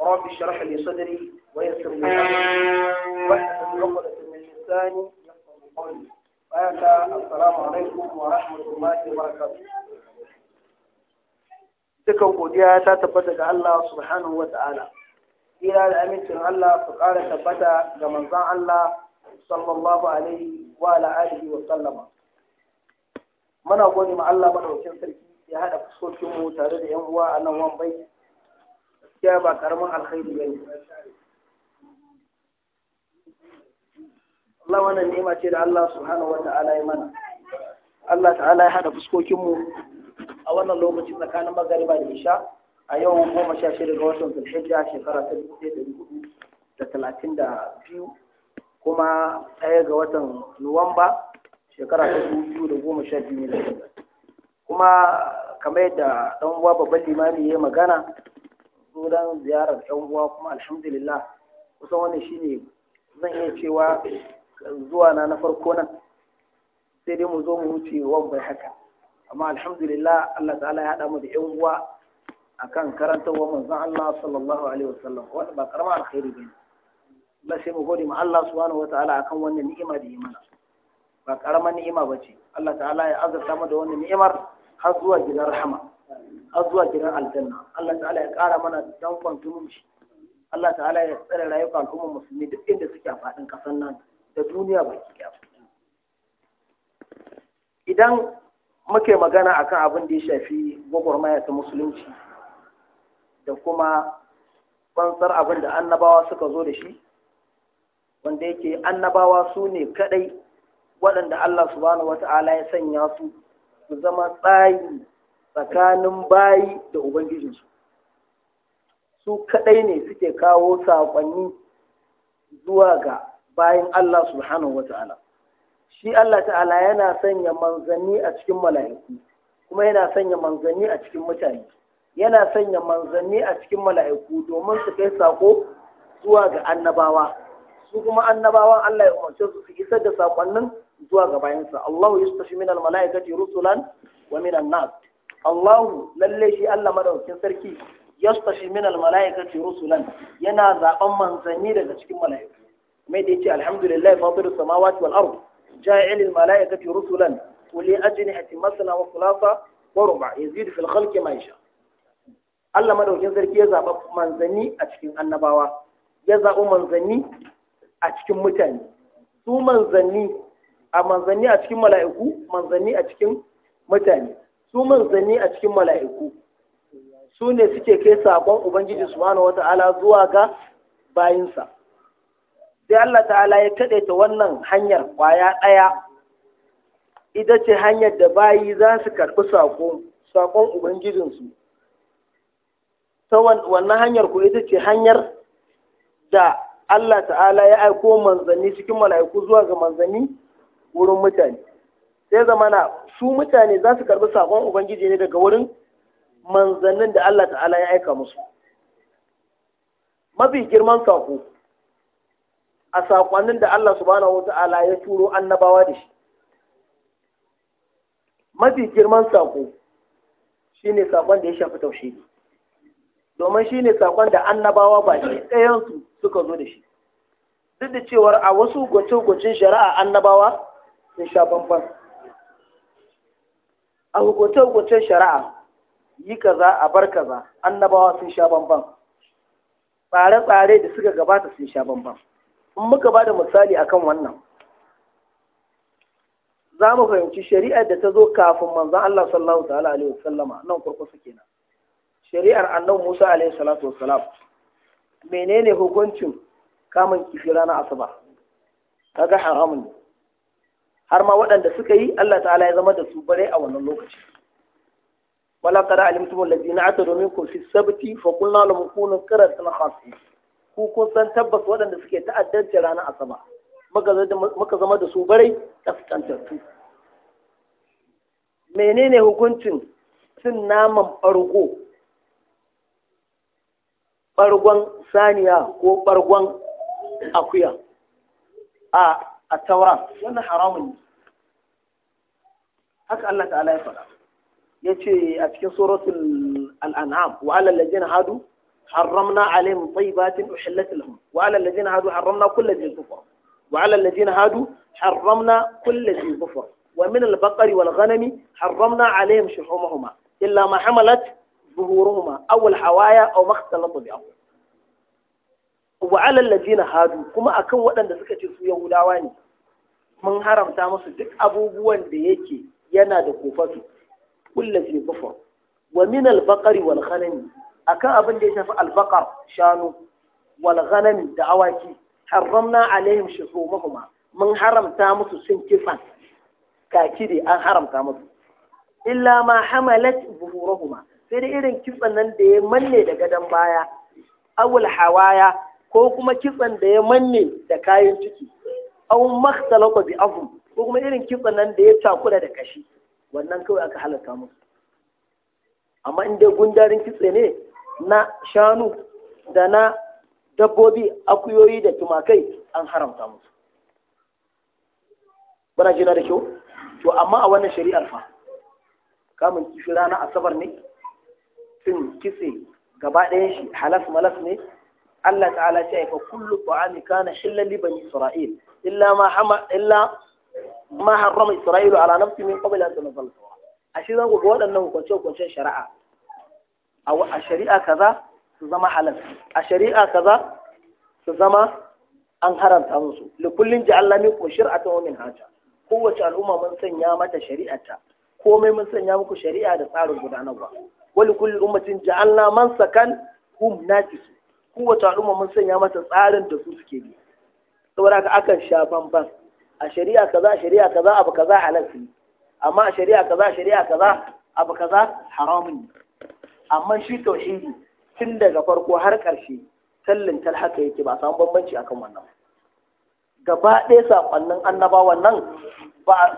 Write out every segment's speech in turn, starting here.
رب اشرح لي صدري ويسر لي امري واحلل عقدة من لساني يفقهوا قولي وهذا السلام عليكم ورحمة الله وبركاته dukan godiya ta tabbata ga Allah subhanahu wa ta'ala ira da amincin Allah su ƙara tabbata ga manzan Allah sallallahu alaihi wa ala alihi wa sallama muna gode ma Allah madaukakin sarki ya hada fuskokinmu tare da yan uwa a nan wambai ya ba karamin alkhairi ne. Allah wannan nema ce da Allah wata ala ya mana Allah ta'ala ya hada fuskokinmu a wannan lokacin tsakanin magariba da isha a yau goma sha shida ga watan zulhijja shekara ta dubu ɗaya da hudu da talatin da biyu kuma ɗaya ga watan nuwamba shekara ta dubu biyu da goma sha biyu kuma kamar yadda ɗan uwa babban limami ya magana sauran ziyarar yan uwa kuma alhamdulillah kusan wannan shine zan iya cewa zuwa na na farko nan sai dai mu zo mu wuce wan bai haka amma alhamdulillah Allah ta'ala ya haɗa mu da yan uwa akan karantarwa manzon Allah sallallahu alaihi wasallam wanda ba karama alkhairi bane Allah sai mu gode ma Allah subhanahu wataala akan wannan ni'ima da yi mana ba karamar ni'ima bace Allah ta'ala ya azurta mu da wannan ni'imar har zuwa gidan rahama har zuwa gidan aljanna Allah ta'ala ya kara mana danƙon zumunci Allah ta'ala ya tsare rayuka al'ummar musulmi duk inda suke a faɗin ƙasar nan da duniya baki ɗaya idan muke magana akan abin da ya shafi gwagwarmaya ta musulunci da kuma fansar abin da annabawa suka zo da shi wanda yake annabawa su ne kaɗai, waɗanda Allah subhanahu wata'ala ya sanya su su zama tsayi. tsakanin bayi da ubangijinsu su kadai ne suke kawo saƙonni zuwa ga bayan Allah subhanahu wa shi Allah ta'ala yana sanya manzanni a cikin mala'iku kuma yana sanya manzanni a cikin mutane yana sanya manzanni a cikin mala'iku domin su kai sako zuwa ga annabawa su kuma annabawan Allah ya umarce su su isar da sakonnin zuwa ga bayansa Allah yustashi minal malaikati rusulan wa min an-nas Allahu lalle shi Allah madaukakin sarki yastashi min almalaikati rusulan yana zaben manzanni daga cikin malaiku mai da yace alhamdulillah fatirus samawati wal ard ja'il almalaikati rusulan wa li ajnihati masna wa thulatha wa ruba yazid fil khalqi ma yasha Allah madaukakin sarki ya zaba manzanni a cikin annabawa ya zaba manzanni a cikin mutane su manzanni a manzanni a cikin mala'iku manzanni a cikin mutane su manzanni a cikin mala'iku su ne suke kai saƙon ubangiji subhanahu ala zuwa ga bayinsa sai Allah ta'ala ya kaɗaita wannan hanyar ƙwaya ɗaya ita ce hanyar da bayi za su karɓi saƙon ubangijinsu ta wannan hanyar ku ita ce hanyar da Allah ta'ala ya aiko manzanni cikin mala'iku zuwa ga manzanni wurin mutane sai zamana su mutane za su karbi sakon ubangiji ne daga wurin manzannin da Allah ta'ala ya aika musu mafi girman sako a sakonnin da Allah subhanahu wa ta'ala ya turo annabawa da shi mafi girman sako shine sakon da ya shafi taushe, domin shine sakon da annabawa ba shi ɗayansu suka zo da shi duk da cewar a wasu gwace-gwacen shari'a annabawa sun sha bambam a hukunce-hukuncen shari'a yi kaza a bar kaza annabawa sun sha bamban tsare-tsare da suka gabata sun sha bamban in muka ba da misali akan wannan za mu fahimci shari'ar da ta zo kafin manzan Allah sallallahu ta'ala alaihi wasallama nan kurkusa kenan shari'ar annabi Musa alaihi salatu wasalam menene hukuncin kamun kifi rana asuba kaga haramun ne har ma waɗanda suka yi Allah ta'ala ya zama da su bare a wannan lokaci wala qad alimtum alladhina atadu minkum fi sabti fa qulna lahum kunu qiratan khasi ku Ko san tabbas waɗanda suke ta'addanci ranar asaba muka zama da su bare kaskantattu menene hukuncin cin naman bargo bargon saniya ko bargon akuya a التوراة wannan حرام هكا الله تعالى يفعل يتي faɗa yace الأنعام وعلى الذين هادوا حرمنا عليهم طيبات أحلت لهم وعلى الذين هادوا حرمنا كل ذي ظفر وعلى الذين هادوا حرمنا كل ذي ظفر ومن البقر والغنم حرمنا عليهم شحومهما إلا ما حملت ظهورهما أو الحوايا أو ما اختلط بأول wa na ladina hadu kuma akan waɗanda suka ce su yahudawa ne mun haramta musu duk abubuwan da yake yana da kofatu kullu fi kufur wa min al baqari wal ghanami akan abin da ya shafi al shanu wal ghanami da awaki haramna alaihim shuhumahuma mun haramta musu sun kifan kaki dai an haramta musu illa ma hamalat buhurahuma sai da irin kifan nan da ya manne da gadon baya awul hawaya ko kuma kitsan da ya manne da kayan ciki aw makhtalaka bi afu ko kuma irin kitsan nan da ya takura da kashi wannan kawai aka halatta musu amma in dai gundarin kitse ne na shanu da na dabbobi akuyoyi da tumakai an haramta musu bana jina da kyau to amma a wannan shari'ar fa kamun kifi rana asabar ne cin kitse gaba ɗayan shi halas malas ne Allah ta'ala ce fa kullu ta'ami kana hillan Liban, isra'il illa ma hama illa ma harrama isra'ilu ala nafsi min qabl an tunzal ashe za ku ga waɗannan hukunce hukuncen shari'a a shari'a kaza su zama halal a shari'a kaza su zama an haramta musu li kullin ja'alna minkum shir'atan wa minhaja kowace al'umma mun sanya mata shari'ata komai mun sanya muku shari'a da tsarin gudanarwa wali kulli ummatin ja'alna man sakan hum najisu kowace al'umma mun sanya mata tsarin da su suke bi saboda ka akan sha banban a shari'a kaza shari'a kaza abu kaza halal ne amma a shari'a kaza shari'a kaza abu kaza haramun ne amma shi tauhidi tun daga farko har ƙarshe tallin talhaka haka yake ba samu bambanci akan wannan gaba ɗaya saƙonnin annabawan nan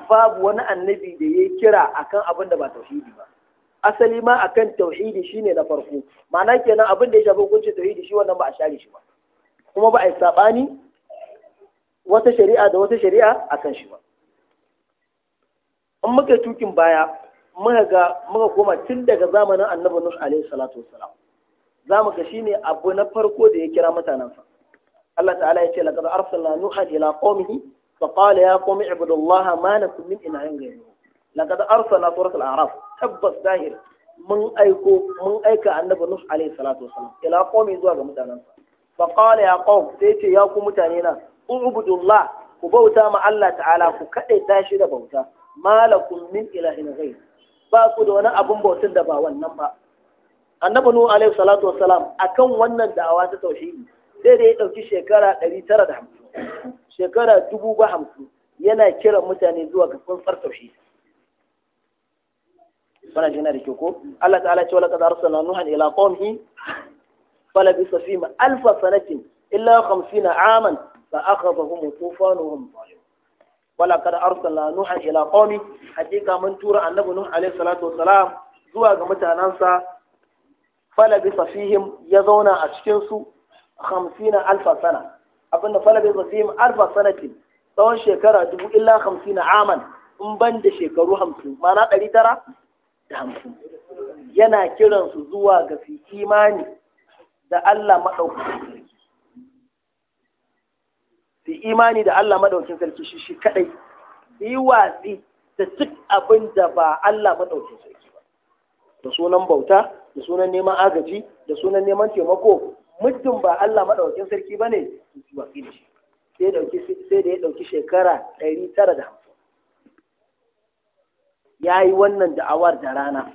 babu wani annabi da ya kira akan abin da ba tauhidi ba asali ma akan tauhidi shine na farko ma'ana kenan abin da ya shafi hukuncin tauhidi shi wannan ba a share shi ba kuma ba a yi sabani wata shari'a da wata shari'a akan shi ba in muka tukin baya muka ga muka koma tun daga zamanin annabi nus alaihi salatu wassalam zamu ga shine abu na farko da ya kira mutanen sa Allah ta'ala ya ce laqad arsalna nuha ila qaumihi fa qala ya qaumi ibudullaha ma lakum min ilahin ghayruhu laqad arsana surat araf tabbas zahir mun aika annabi nuh alaihi salatu wasalam ila qaumi zuwa ga mutanansa fa qala ya sai ce ya ku mutane na ubudullah ku bauta ma Allah ta'ala ku kadaita shi da bauta malakum min ilahin ghayr ba ku da wani abun bautin da ba wannan ba annabi nuh alaihi salatu wasalam akan wannan da'awa ta taushe sai da ya ɗauki shekara 950 shekara 1050 yana kiran mutane zuwa ga tsuntsar taushe. wannan jina da ke ko Allah ta'ala ce wala qad arsalna nuhan ila qaumihi fala bi safima alf sanatin illa 50 aman fa akhadhahum tufanuhum wala qad arsalna nuhan ila qaumi hakika mun tura annabi nuh salatu wassalam zuwa ga mutanansa fala bi safihim ya zauna a cikin su 50 alf sana abinda fala bi safihim alf sanatin tsawon shekara dubu illa 50 aman in ban da shekaru 50 ma'ana 900 da yana kiransu zuwa ga fi imani da Allah maɗaukakin sarki Fi imani da Allah maɗaukin sarki shi shi kaɗai yi watsi da duk abin da ba Allah maɗaukin sarki ba da sunan bauta da sunan neman agaji da sunan neman taimako muddin ba Allah maɗaukin sarki ba ne su shi sai da ya ɗauki shekara ɗari tara da ya yi wannan da'awar da rana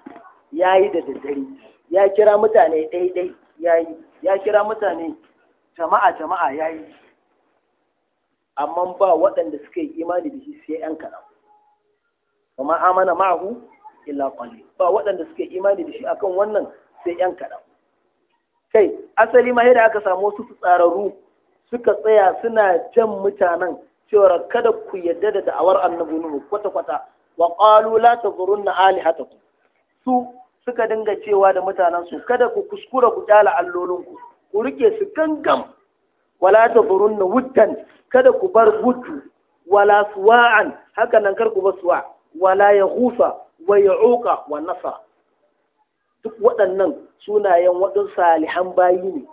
ya yi da daddare ya kira mutane ɗaiɗai ya yi ya kira mutane jama'a jama'a ya yi amma ba waɗanda suka yi imani da shi sai ‘yan kaɗan kuma amana ma'ahu illa ƙwale ba waɗanda suka yi imani da shi akan wannan sai ‘yan kaɗan kai asali ma yadda aka samu wasu tsararru suka tsaya suna jan mutanen cewa kada ku yadda da da'awar annabi nuhu kwata-kwata wa qalu la tadhurunna alihatakum su suka dinga cewa da mutanen su kada ku kuskura ku tala allolin ku ku rike su gangam wala tadhurunna wuddan kada ku bar wuddu wala suwa'an haka nan kar ku bar suwa wala yahusa wa ya'uqa wa nasa. duk waɗannan sunayen waɗansu salihan bayi ne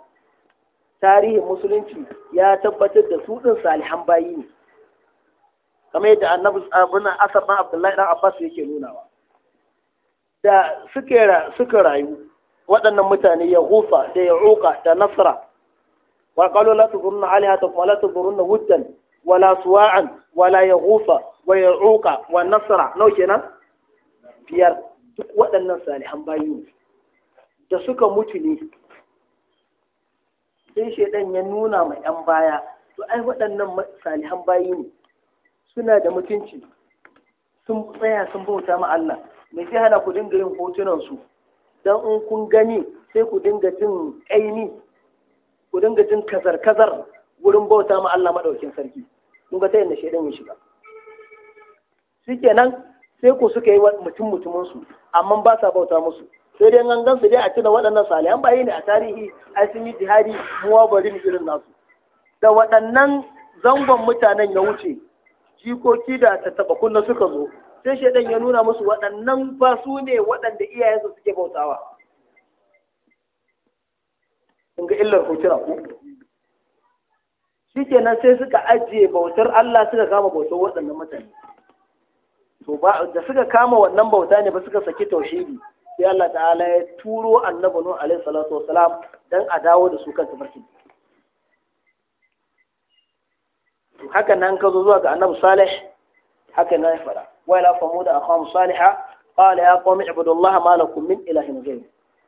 tarihin musulunci ya tabbatar da su ɗin salihan bayi ne kamar yadda annabi abin asar na abdullahi dan abbas yake nunawa da suka rayu waɗannan mutane ya hufa da ya uka da nasara, wa qalu la tuzurunna alihatakum wa la tuzurunna wuddan wa la suwa'an wa la hufa wa ya'uqa wa nasara nau kenan biyar duk waɗannan salihan bayu da suka mutu ne sai shaidan ya nuna ma yan baya to ai waɗannan salihan bayu ne suna da mutunci sun tsaya sun bauta ma Allah me sai hana ku dinga yin hotunan su dan in kun gani sai ku dinga jin aini ku dinga jin kazar kazar wurin bauta ma Allah madaukin sarki kun ga ta yadda shaidan ya shiga shikenan sai ku suka yi mutum mutumin su amma ba sa bauta musu sai dai an gan su dai a cikin waɗannan salihan bayi ne a tarihi ai sun yi jihadi muwa irin nasu da waɗannan zangon mutanen ya wuce jikoki da ta taba kunna suka zo sai shaidan ya nuna musu waɗannan fa su ne waɗanda iyayensu suke bautawa in ga illar hotuna ko shikenan sai suka ajiye bautar Allah suka kama bautar waɗannan mutane to ba da suka kama wannan bauta ne ba suka saki tauhidi sai Allah ta'ala ya turo annabi Nuh alaihi salatu wasalam dan a dawo da su kan tafarkin haka nan ka zo zuwa ga annabi salih haka nan ya fara wa ila famuda akhahum salihah qala ya qawmi ibudullaha ma lakum min ilahin ghayr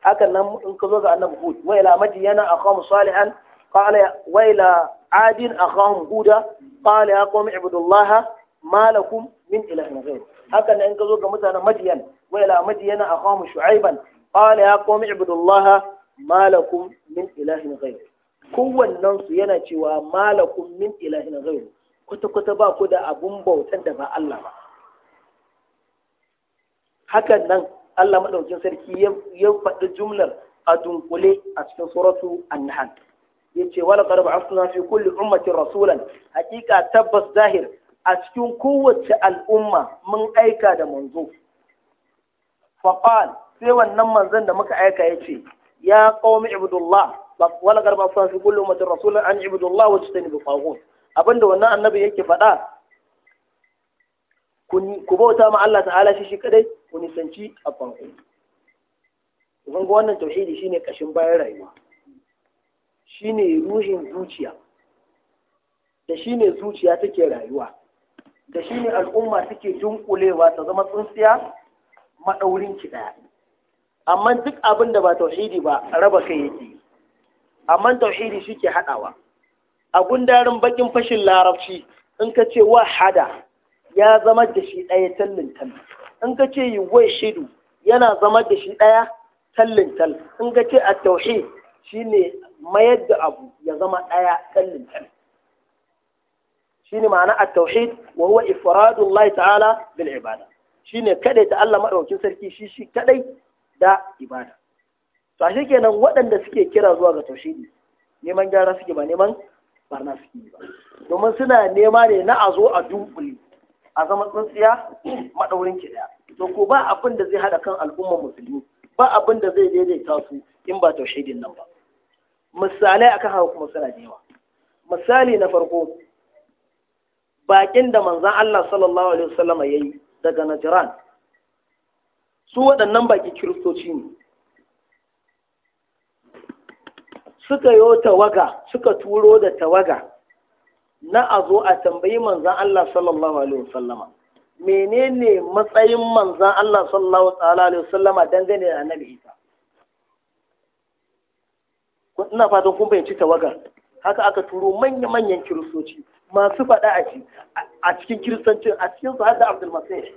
haka nan in ka zo ga annabi hud wa ila madyana akhahum salihan qala wa ila adin akhahum huda qala ya qawmi ibudullaha ma lakum min ilahin ghayr haka nan in ka zo ga mutanen madyan wa ila madyana akhahum shu'aiban qala ya qawmi ibudullaha ma lakum min ilahin ghayr kowannen su yana cewa malakun min ilahin ghairu kwata kwata ba ku da abun bautan da ba Allah ba hakan nan Allah madaukin sarki ya faɗi jumlar a dunkule a cikin suratu an Ya ce wala qad ba'athna fi kulli ummatin rasulan Hakika, tabbas zahir a cikin kowace al'umma mun aika da manzo Fafal, sai wannan manzon da muka aika yace ya qaumi ibudullah wala garba fa fi kullu ummatin rasulun an ibudu Allah wa tajtanibu taghut abinda wannan annabi yake faɗa ku bauta ma Allah ta'ala shi shi kadai ku nisanci abbanku kun ga wannan tauhidi shine kashin bayan rayuwa shine ruhin zuciya da shine zuciya take rayuwa da shine al'umma take dunkulewa ta zama tsintsiya madaurin ki amma duk abin da ba tauhidi ba raba kai yake amma tauhidi shi ke haɗawa a gundarin bakin fashin larabci in ka ce wa hada ya zama da shi daya tallin in ka ce yi wai shidu yana zama da shi daya tallin in ka ce a tauhid shine mayar da abu ya zama daya tallin tal shine ma'ana a tauhid wa huwa ifradullahi ta'ala bil ibada shine kadai ta Allah madaukin sarki shi shi kadai da ibada to shi kenan waɗanda suke kira zuwa ga tauhidi neman gyara suke ba neman barna suke ba domin suna nema ne na a zo a dunkule a zama tsintsiya maɗaurin kiɗa ɗaya to ko ba abin da zai haɗa kan al'ummar musulmi ba abin da zai daidaita su in ba tauhidin nan ba misalai akan haka kuma suna da yawa misali na farko baƙin da manzan Allah sallallahu alaihi wasallama yayi daga Najran su waɗannan baki kiristoci ne suka yo tawaga suka turo da tawaga na a zo a tambayi manzan Allah sallallahu alaihi wasallama menene matsayin manzan Allah sallallahu alaihi wasallama dangane da annabi Isa ina fatan kun fahimci tawagar haka aka turo manya-manyan kiristoci masu faɗa a a cikin kiristancin a cikin su har da Abdul Masih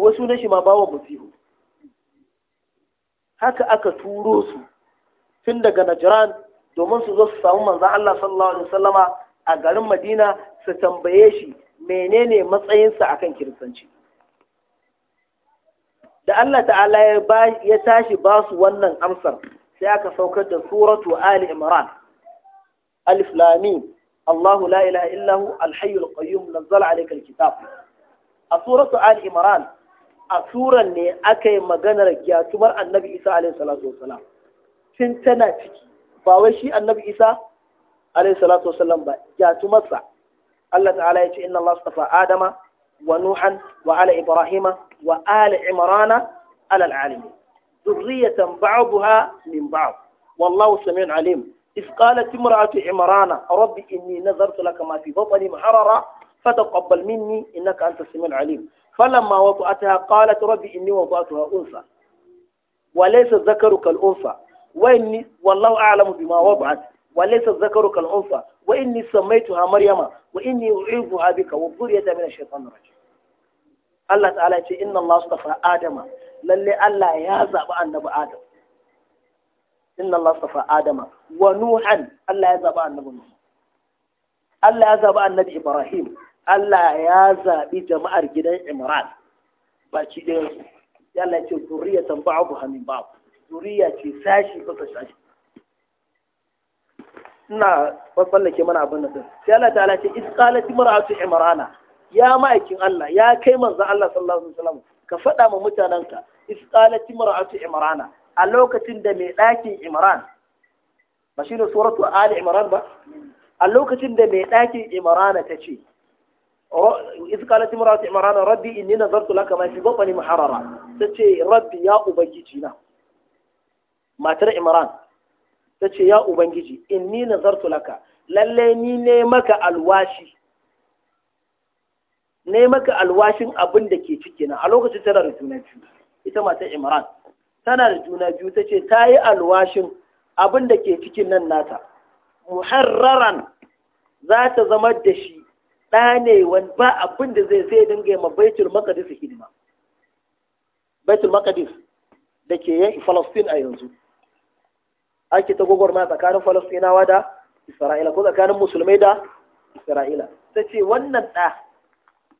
wasu na shi ma bawa musihu haka aka turo su tun daga najran domin su zo su samu manzon Allah sallallahu alaihi wasallama a garin Madina su tambaye shi menene matsayinsa akan kiristanci da Allah ta'ala ya tashi ba su wannan amsar sai aka saukar da suratu Ali Imran alif lam الله لا إله إلا هو الحي القيوم نزل عليك الكتاب أسورة آل إمران أسورة أكي مغنر يا النبي إساء عليه الصلاة والسلام tun tana ciki ba wai shi annabi isa alaihi salatu wasallam ba jatumarsa Allah ta'ala ya ce inna Allah astafa adama wa nuhan wa ala ibrahima wa ala imrana ala alamin zurriyatan ba'daha min ba'd wallahu samiun alim إذ قالت امرأة عمران رب إني نذرت لك ما في بطني محررا فتقبل مني إنك أنت السميع العليم فلما وضعتها قالت رب إني وضعتها أنثى وليس الذكر كالأنثى وإني والله أعلم بما وضعت وليس الذكر كالأنثى وإني سميتها مريم وإني أعيذها بك وذريتها من الشيطان الرجيم الله تعالى يقول إن الله اصطفى آدم للي الله يزعب النبي آدم إن الله اصطفى آدم ونوحا الله يزعب النبي نوح الله يزعب النبي إبراهيم الله يزعب جماعة جدي عمران باكي دير يلا يقول ذرية بعضها من بعض zuriya ce sashi bisa sashi ina tsallake mana abin nan sai Allah ta'ala ce isqalati mar'atu imrana ya ma'aikin Allah ya kai manzo Allah sallallahu alaihi wasallam ka faɗa ma mutananka isqalati mar'atu imrana a lokacin da mai ɗakin imran ba shi ne suratu ali imran ba a lokacin da mai ɗakin imrana ta ce oh, isqalati mar'atu imrana rabbi inni nazartu laka ma fi batni muharrara ta ce rabbi ya ubangiji na matar imran ta ce ya ubangiji inni nazartu laka lalle ni ne maka alwashin abin da ke ciki na a lokacin tana da juna biyu ita matar imran tana da juna biyu ta ce ta yi alwashin abin da ke cikin nan nata muharraran za ta zama da shi ɗa ne wani ba abin da zai sai dinga yi ma baitul maqdis hidima baitul maqdis da ke yan falastin a yanzu ake ta gwagwarmaya tsakanin falastinawa da isra'ila ko tsakanin musulmai da isra'ila ta ce wannan ɗa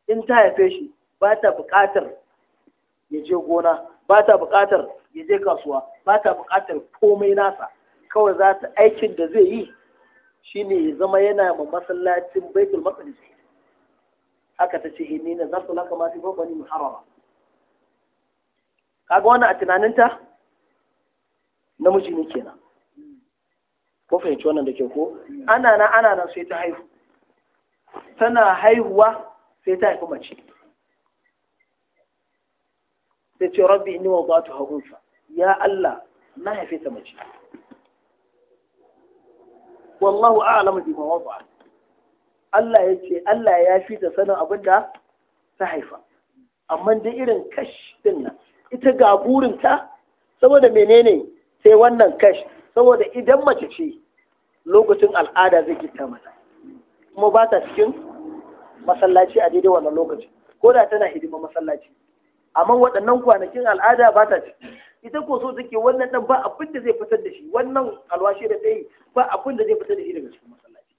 in ta haife shi ba ta buƙatar ya je gona ba ta buƙatar ya je kasuwa ba ta buƙatar komai nasa kawai za ta aikin da zai yi shine ya zama yana ma masallacin baitul maqdis haka ta ce inni na zasu laka ma fi babani muharrama kaga wannan a tunaninta namiji ne kenan ko fahimci wannan da ke ko ana nan ana nan sai ta haihu tana haihuwa sai ta haifi mace sai ce rabbi inni wadatuha unsa ya Allah na haife ta mace wallahu a'lamu ma wada Allah ya ce Allah ya fi ta sanin abin da ta haifa amma da irin kash din nan ita ga burinta saboda menene sai wannan kash saboda idan mace ce lokacin al'ada zai gita mata kuma ba ta cikin masallaci a daidai wannan lokacin ko da tana hidima masallaci amma waɗannan kwanakin al'ada ba ta ciki ita ko so take wannan dan ba abin da zai fitar da shi wannan alwashi da tsayi ba abin da zai fitar da shi daga cikin masallaci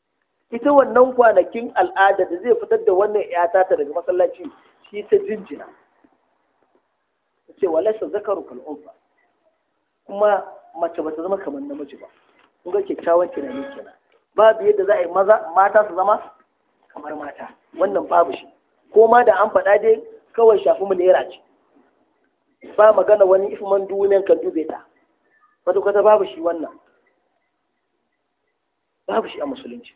ita wannan kwanakin al'ada da zai fitar da wannan yata ta daga masallaci shi ta jinjina ta ce walaysa zakaru kal kuma mace ba ta zama kamar namiji ba kun ga kyakkyawan tunani kenan babu yadda za a yi maza mata su zama kamar mata wannan babu shi ko ma da an faɗa dai kawai shafi mu naira ce ba magana wani ifman duniyan kan dube ta Wato kwata babu shi wannan babu shi a musulunci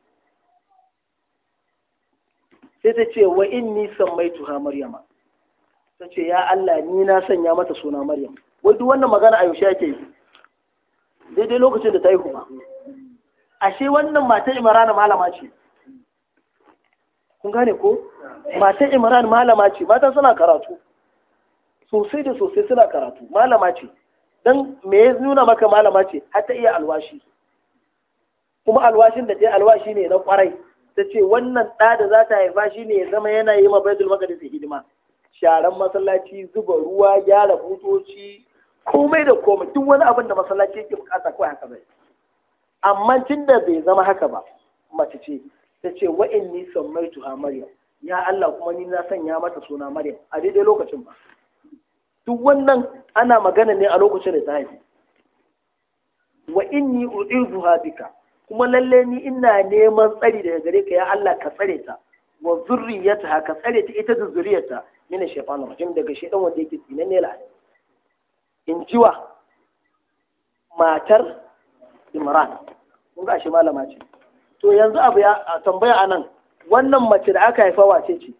sai ta ce wa in mai tuha maryama ta ce ya Allah ni na sanya mata suna maryam wai duk wannan magana a yaushe ake yi daidai lokacin da ta yi kuma ashe wannan mata imran malama ce kun gane ko mata imran malama ce mata suna karatu sosai da sosai suna karatu malama ce Don me ya nuna maka malama ce har ta iya alwashi kuma alwashin da ta alwashi ne na kwarai ta ce wannan ɗa da za ta haifa shi ne ya zama yana yi ma baitul ta hidima sharan masallaci zuba ruwa gyara butoci komai da komai duk wani abin da masallaci yake bukata kawai haka zai amma tun da bai zama haka ba mace ce ta ce wa inni mai tuha maryam ya Allah kuma ni na sanya mata suna maryam a daidai lokacin ba duk wannan ana magana ne a lokacin da ta haifi wa ni u'izuha bika kuma lalle ni ina neman tsari daga gare ka ya Allah ka tsare ta wa zurriyata ka tsare ta ita da zuriyarta mina shaytanir rajim daga shaytan wanda yake tsinanne in jiwa matar imran kun ga shi malama ce to yanzu abu ya tambaya nan wannan mace da aka haifa wace ce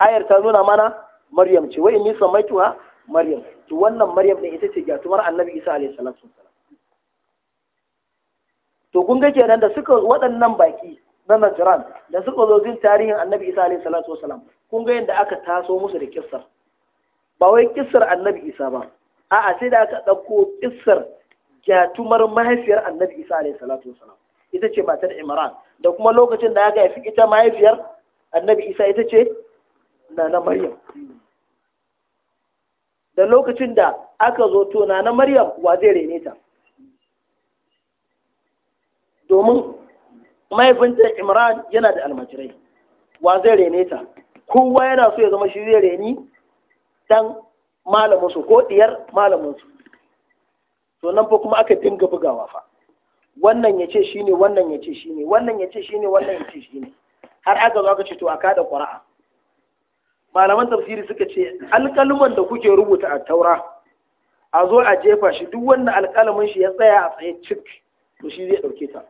ayar ta nuna mana maryam ce wai inni maituwa maryam to wannan maryam ne ita ce gatumar annabi isa alaihi salatu to kun ga kenan da suka waɗannan baki na najran da suka zo jin tarihin annabi isa alaihi salatu wasalam kun ga yadda aka taso musu da kissar ba wai kissar annabi isa ba a'a sai da aka ɗauko ƙisar jatumar mahaifiyar annabi isa alaihi salatu wasalam ita ce matar imran da kuma lokacin da aka haifi ita mahaifiyar annabi isa ita ce nana maryam da lokacin da aka zo to nana maryam wa zai rene ta domin mahaifinta imran yana da almajirai wa zai rene ta kowa yana so ya zama shi zai reni dan malaminsu ko diyar malaminsu to nan fa kuma aka dinga bugawa fa wannan ya ce shi ne wannan ya ce shi ne wannan ya ce shi ne wannan ya ce shi ne har aka zo aka ce to a kada ƙura'a malaman tafsiri suka ce alƙaluman da kuke rubuta a taura a zo a jefa shi duk wanda alƙalamin shi ya tsaya a tsaye cik to shi zai ɗauke ta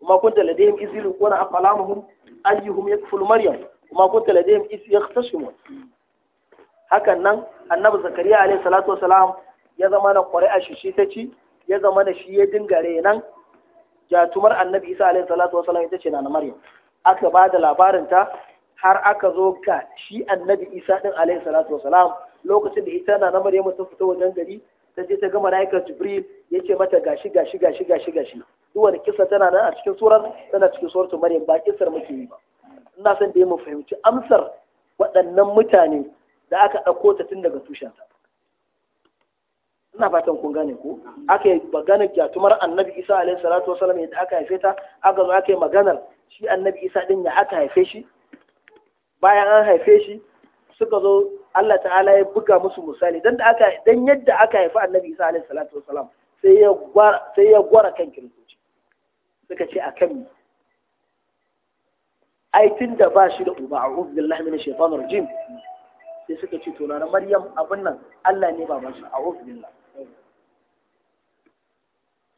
kuma kun taladehim izilu a afalamuhum ayyuhum yakfulu maryam kuma kun taladehim iz yakhtashimun hakan nan annabi zakariya alaihi salatu wasalam ya zama na ƙuri'a shi shi ta ci ya zama na shi ya dinga renan jatumar annabi isa alaihi salatu wasalam ita ce na maryam aka ba da labarin ta har aka zo ka shi annabi isa din alaihi salatu wasalam lokacin da ita na maryam ta fito wajen gari ta je ta ga malaikar jibril ya ce mata gashi gashi gashi gashi gashi duwar kisa tana nan a cikin surar tana cikin suratu maryam ba kisar muke yi ba ina son da mu fahimci amsar waɗannan mutane da aka ɗauko ta tun daga tushenta ina fatan kun gane ko aka yi maganar gyatumar annabi isa alaihi salatu wasalam yadda aka haife ta aka zo aka yi maganar shi annabi isa ɗin ya aka haife shi bayan an haife shi suka zo Allah ta'ala ya buga musu misali dan da aka dan yadda aka haifi annabi isa alaihi salatu wasalam sai ya gwara sai ya gwara kan kiristoci suka ce a kan ai da ba shi da uba a'udhu billahi minash shaitanir rajim sai suka ce to na maryam abin nan Allah ne baban shi a billah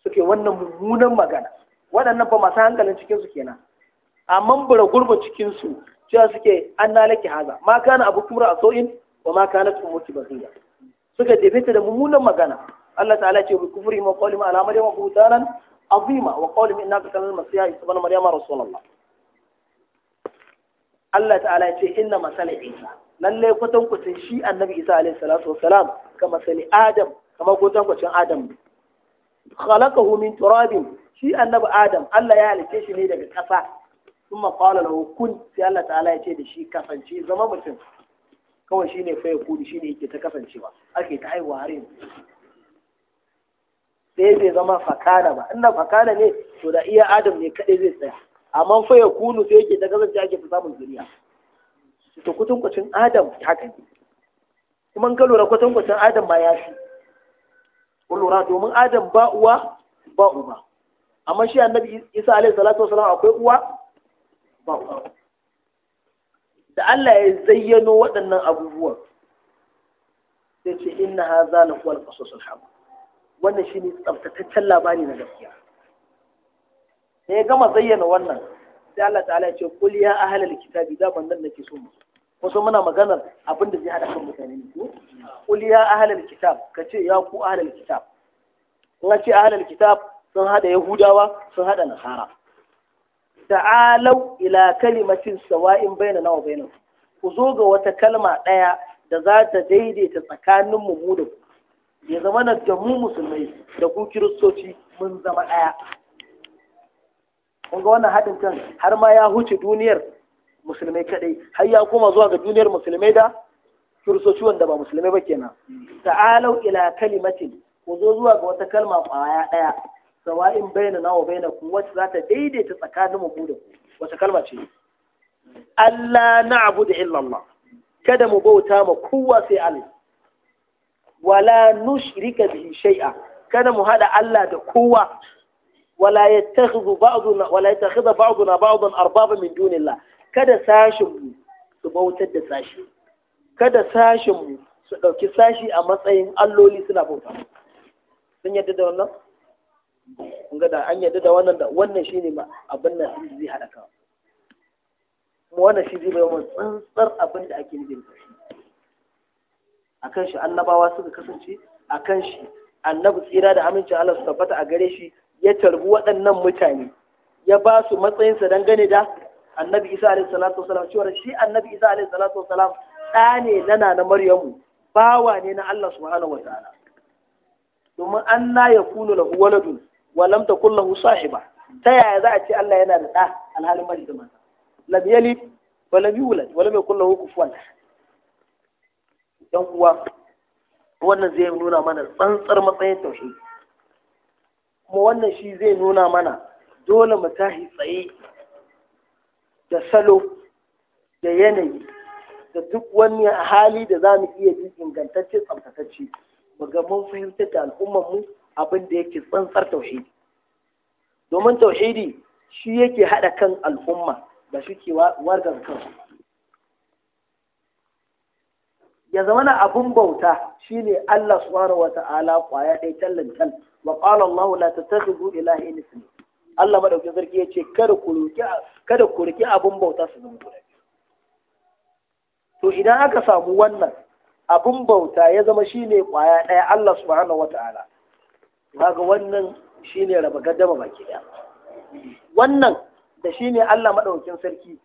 suke wannan mummunan magana waɗannan fa masu hankalin cikin su kenan amma bara gurba cikin su cewa suke an nalaki haza ma kana abu kura a sau'in wa ma kana ba baziya suka jefe da mummunan magana Allah ta'ala ce bi kufri ma qawli ma ala maryam butanan azima wa qawli inna ka kana masiya isa ibn maryam rasulullah Allah ta'ala ya ce inna masala isa lalle kwatankwacin shi annabi isa alaihi salatu wassalam kama sani adam kama kwatankwacin adam khalaqahu min turabin shi annabi adam Allah ya halice shi ne daga ƙasa kuma qala lahu kun sai Allah ta'ala ya ce da shi kasance zama mutum kawai shine fa shi shine yake ta kasancewa ake ta haihuwa har yanzu sai zai zama fakana ba inda fakana ne to da iya adam ne kadai zai tsaya amma fa yakunu sai yake ta kasance ake ta samun zuriya to kwatankwacin adam haka ne kuma in ka lura kwatankwacin adam ma ya fi lura domin adam ba uwa ba uba amma shi annabi isa alaihi salatu wasalam akwai uwa ba uba da Allah ya zayyano waɗannan abubuwan sai ce inna hadha la huwa al-qasas al-haq wannan shine tsaftataccen labari na gaskiya sai ya gama zayyana wannan sai Allah ta'ala ya ce kul ya ahlal kitabi da ban nan nake so mu wasu muna maganar abin da zai hada kan mutane ne ko ya ahlal kitab kace ya ku ahlal kitab in ce ahlal kitab sun hada yahudawa sun hada nasara ta'alau ila kalimatin sawa'in bainana wa bayna ku zo ga wata kalma ɗaya da za ta daidaita tsakanin mu da ku ya zama na da mu musulmai da ku kiristoci mun zama ɗaya. kun ga wannan haɗin kan har ma ya huce duniyar musulmai kadai har ya koma zuwa ga duniyar musulmai da kiristoci wanda ba musulmai ba kenan ta'alau ila kalimatin ku zo zuwa ga wata kalma kwaya daya sawa'in baina na wa baina ku wacce za ta daidaita tsakanin mu da wata kalma ce Allah na'budu illallah kada mu bauta ma kowa sai Allah wala nushrika bihi shay'a kada mu hada Allah da kowa wala yattakhidhu ba'duna wala يتخذ ba'duna ba'dan arbaba min dunillah kada sashinmu su bautar da sashi kada sashinmu su ɗauki sashi a matsayin alloli suna bauta sun yadda da wannan kun an yadda da wannan da wannan shine ma abin nan zai hada ka kuma wannan shi zai bayan tsantsar abin da ake nufi da A kan shi annabawa suka kasance a kan shi annabi tsira da amincin Allah su tabbata a gare shi ya tarbi waɗannan mutane ya ba su matsayinsa dangane da annabi isa alaihi salatu wasalam cewa shi annabi isa alaihi salatu wasalam ɗa ne na nana maryamu bawa ne na Allah subhanahu wataala domin an na la yakunu lahu waladun wa lam takul lahu sahiba ta yaya za a ce Allah yana da ɗa alhalin mari da mata lam yalid wa lam yulad wa lam yakul lahu kufuwan dan uwa wannan zai nuna mana tsantsar matsayin tauhidi kuma wannan shi zai nuna mana dole mu tashi tsaye da salo da yanayi da duk wani hali da za mu iya bi ingantacce tsabtatacce ga mun fahimtar da mu abin da yake tsantsar tauhidi domin tauhidi shi yake haɗa kan al'umma da shi ke wargar kansu ya zama na abun bauta shine Allah subhanahu wa ta'ala kwaya ɗaya tallantan wa qala Allah la tattakhidhu ilaha illa Allah madaukin sarki ya ce kada ku riƙe abin bauta su zama guda to idan aka samu wannan abin bauta ya zama shi ne ƙwaya ɗaya Allah subhanahu wataala kaga wannan shi ne raba gaddama baki ɗaya. wannan da shi ne Allah madaukin sarki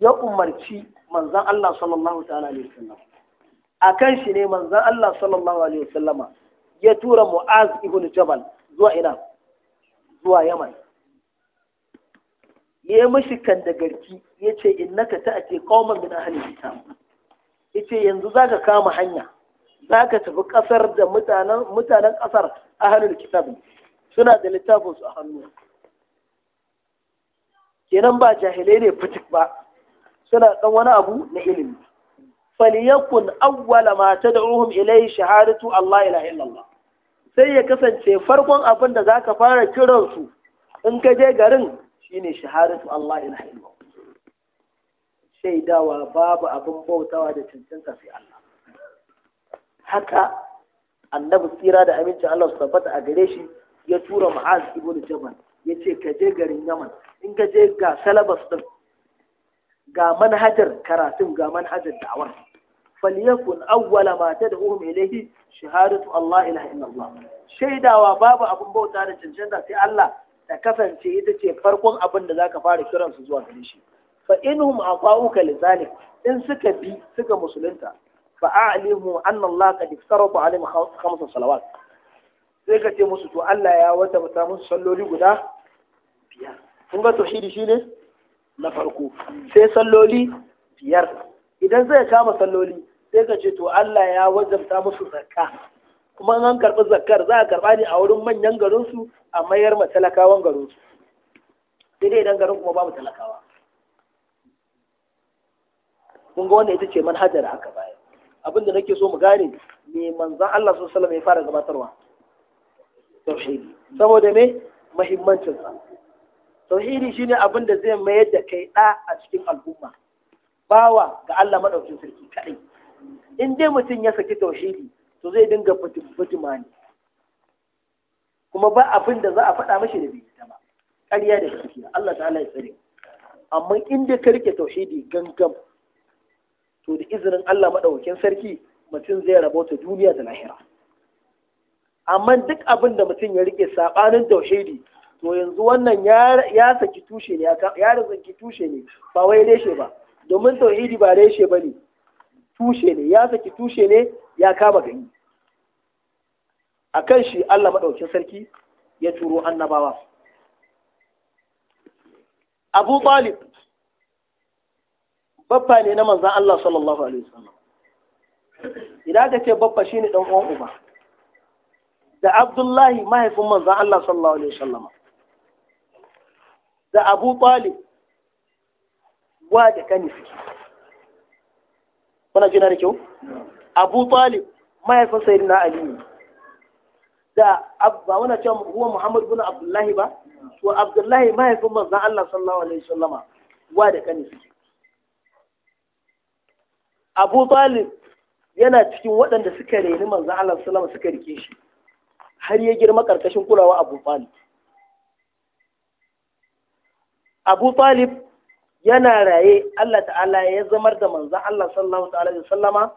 ya umarci manzan Allah sallallahu ta'ala alaihi A kan shi ne manzan Allah sallallahu alaihi wasallama ya tura Mu'az ibn Jabal zuwa ina zuwa yaman ya mashi kan garki ya ce innaka ta ake qauman min ahalin kitab ya ce yanzu za ka kama hanya za ka tafi ƙasar da mutanen ƙasar ahalin kitab suna da littafin su a hannu kenan ba jahilai ne fitik ba suna ɗan wani abu na ilimi falyakun awwala ma tad'uhum ilai shahadatu Allah ilaha illallah sai ya kasance farkon abin da za ka fara kiransu in ka je garin Shi ne shaharatu Allah ila ilmu. shaidawa babu abin bautawa da cancanta sai Allah haka annabi tsira da amincin Allah su tabbata a gare shi ya tura ma'az ibn jabal ya ce ka je garin yaman in ka je ga salabas din ga manhajar karatun ga manhajar da'awar falyakun awwala ma tad'uhum ilayhi shahadatu Allah ilaha shaidawa babu abin bauta da cancanta sai Allah ta kasance ita ce farkon abin da zaka fara kiran su zuwa gare shi fa inhum afa'uka lizalik in suka bi suka musulunta fa a'limu anna Allah sai ka ce musu to Allah ya wata mata musu salloli guda biyar kun ga tauhidi shine na farko sai salloli biyar idan zai kama salloli sai ka ce to Allah ya wajabta musu zakka kuma an karɓi zakkar za a karɓa ne a wurin manyan garinsu a mayar ma talakawan garinsu sai dai idan garin kuma babu talakawa kun ga wanda ita ce da haka baya abin da nake so mu gane me manzon Allah sallallahu alaihi wasallam ya fara gabatarwa tauhidi saboda me muhimmancin sa tauhidi shine abin da zai mayar da kai da a cikin al'umma bawa ga Allah madaukakin sarki kadai in dai mutum ya saki tauhidi to zai dinga fitima ne kuma ba abin da za a faɗa mashi da bai ta ba ƙarya da gaskiya Allah ta ya tsare amma in dai ka rike tauhidi gangan to da izinin Allah madaukakin sarki mutum zai ta duniya da lahira amma duk abin da mutum ya rike sabanin tauhidi to yanzu wannan ya saki tushe ne ya rike tushe ne ba wai reshe ba domin tauhidi ba reshe ba ne tushe ne ya saki tushe ne ya kama gani A kan shi Allah maɗaukin sarki ya turo annabawa Abu Talib Baffa ne na manzan Allah sallallahu alaihi wasallam idan ka ce babba shine dan uwan uba da Abdullahi mahaifin manzan Allah sallallahu alaihi wasallam da Abu Talib wa da kani suke kuna jina da kyau abu talib mahaifin na ali ne da ba wani cewa huwa muhammad bin abdullahi ba to abdullahi mahaifin manzon allah sallallahu alaihi sallama? wa da kani suke abu talib yana cikin waɗanda suka reni manzon allah sallama suka rike shi har ya girma karkashin kulawa abu talib abu talib yana raye Allah ta'ala ya zamar da manzan Allah sallallahu ta'ala da sallama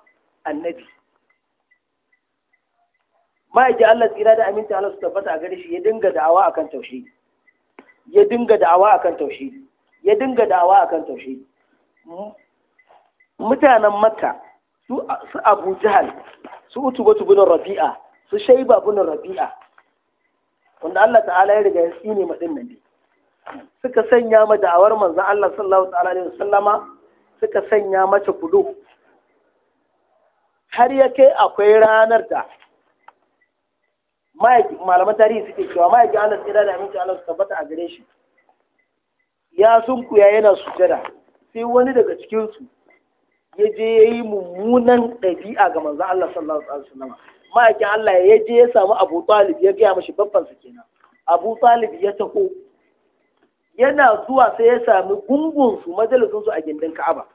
annabi ma'aiki Allah tsira da aminta Allah su tabbata a gare shi ya dinga da'awa akan taushe ya dinga da'awa akan taushe ya dinga da'awa akan taushe mutanen makka su abu jahal su utuba tubunan rabi'a su shaiba bunan rabi'a wanda Allah ta'ala ya riga ya tsine maɗin nan suka sanya ma da'awar manzan Allah sallallahu alaihi wasallama suka sanya mace kudu har ya kai akwai ranar da malaman tarihi suke cewa ma'aikin Allah tsira da aminci Allah su tabbata a gare shi ya sunkuya yana sujada sai wani daga cikinsu ya je ya yi mummunan ɗabi'a ga manzan Allah sallallahu alaihi wasallam ma'aikin Allah ya je ya samu Abu Talib ya gaya mashi babban sa kenan Abu Talib ya taho yana zuwa sai ya sami gungunsu majalisunsu a gindin ka'aba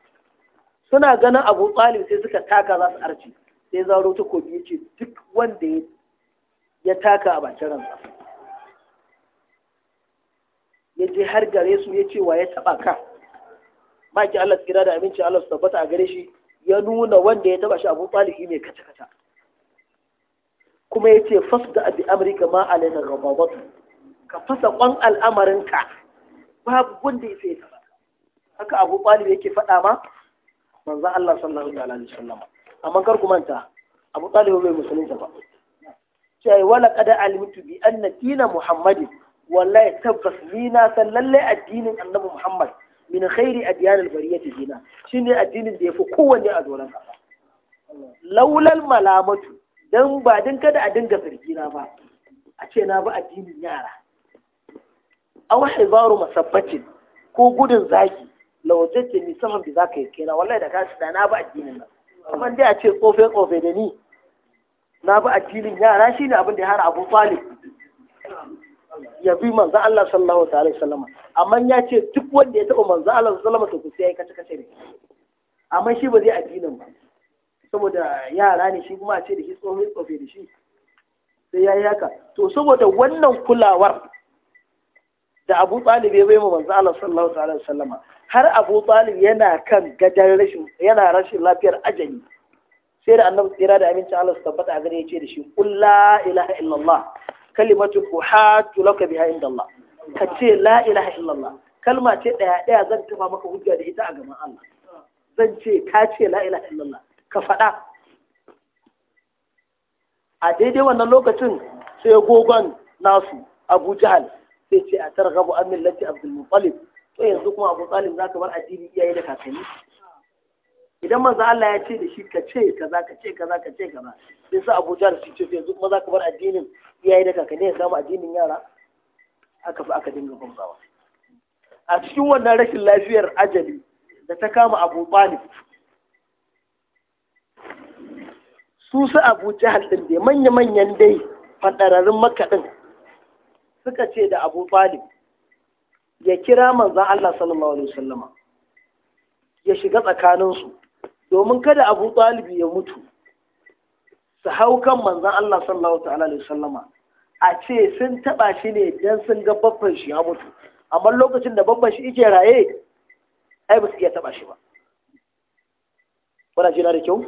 suna ganin abu talib sai suka taka za su arci sai zaro takobi ya ce duk wanda ya taka a bakin ransa ya je har gare su ya ce wa ya taba ka maki Allah tsira da aminci Allah su tabbata a gare shi ya nuna wanda ya taba shi abu shi mai kata-kata. kuma ya ce fasda abi amrika ma alaina ghababatu ka fasa kwan al'amarinka babu wanda ya sai ta haka abu ɓalib yake faɗa ma manzan Allah sallallahu alaihi sallam. amma kar ku manta abu ɓalib bai musulun ta ba sai wala kada alimtu bi anna dina muhammadin wallahi tabbas ni na san lallai addinin annabi muhammad min khairi adyan albariyati dina shine addinin da yafi kowanne a doron kasa laulal malamatu dan ba din kada a dinga zargina ba a ce na bi addinin yara aw hibaru masabbatin ko gudun zaki lawajajje ni saman bi zaka yi kena wallahi da kashi da na ba addinin na. amma dai a ce tsofe tsofe da ni na bi addinin yara shine abin da ya hana Abu Talib ya bi manzo Allah sallallahu alaihi wasallam amma ya ce duk wanda ya taba manzo Allah sallallahu alaihi wasallam to sai ya kace kace ne amma shi ba zai addinin ba saboda yara ne shi kuma a ce da shi tsofe tsofe da shi sai ya yi haka to saboda wannan kulawar da Abu Talib ya bai mu manzo Allah sallallahu alaihi wasallama har Abu Talib yana kan gadan rashin yana rashin lafiyar ajali sai da annabi tsira da aminci Allah su tabbata a gare ya ce da shi qul la ilaha illallah kalimatu uhatu laka biha inda Allah ka ce la ilaha illallah kalma ce daya daya zan tafa maka hujja da ita a gaban Allah zan ce ka ce la ilaha illallah ka faɗa a daidai wannan lokacin sai gogon nasu Abu sai ce a targhabu an millati abdul muttalib to yanzu kuma abu talib za ka bar addini iyaye da kakanni idan manzo Allah ya ce da shi ka ce kaza ka ce kaza ka ce kaza sai sa Abu jar shi ce yanzu kuma za ka bar addinin iyaye da kakanni ya samu addinin yara aka fi aka dinga bambawa a cikin wannan rashin lafiyar ajali da ta kama Abu Talib su su Abu Jahl din dai manya-manyan dai fadararrun makaɗin suka ce da Abu Talib ya kira manzan Allah sallallahu alaihi wasallama ya shiga tsakaninsu domin kada Abu Talib ya mutu su hau kan manzan Allah sallallahu alaihi wasallama a ce sun taɓa shi ne don sun ga babban shi ya mutu amma lokacin da babban shi ike raye ai ba su iya taɓa shi ba. jina da kyau?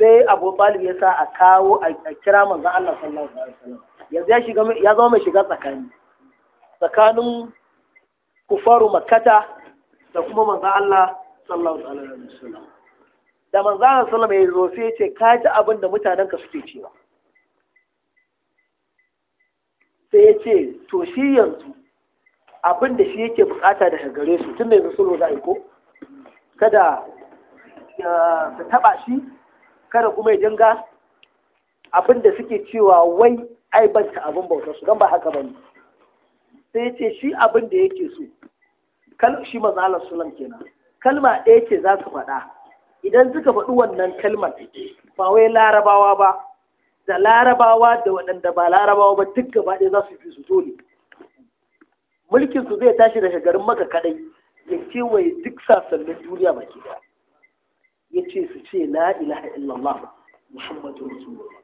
sai abu talib ya sa a kawo a kira manzon Allah sallallahu alaihi wasallam yanzu ya shiga ya zama mai shiga tsakani tsakanin kufaru makkata da kuma manzon Allah sallallahu alaihi wasallam da manzon Allah sallallahu alaihi wasallam ya zo sai ya ce ka ji abin da mutanen ka suke cewa sai ya ce to shi yanzu abin da shi yake bukata daga gare su tun da yanzu sulhu za a yi ko kada su taba shi kada kuma ya dinga abin da suke cewa wai ta abin bautar su don ba haka bane sai ce shi abin da yake so kal shi mazalar Allah kenan kalma ɗaya ce za su faɗa idan suka faɗi wannan kalmar ba wai larabawa ba da larabawa da waɗanda ba larabawa ba duk gaba ɗaya za su fi su dole mulkin su zai tashi daga garin maka kadai ya kewaye duk sassanin duniya baki daya ya ce su ce la ilaha illallah muhammadu rasulullah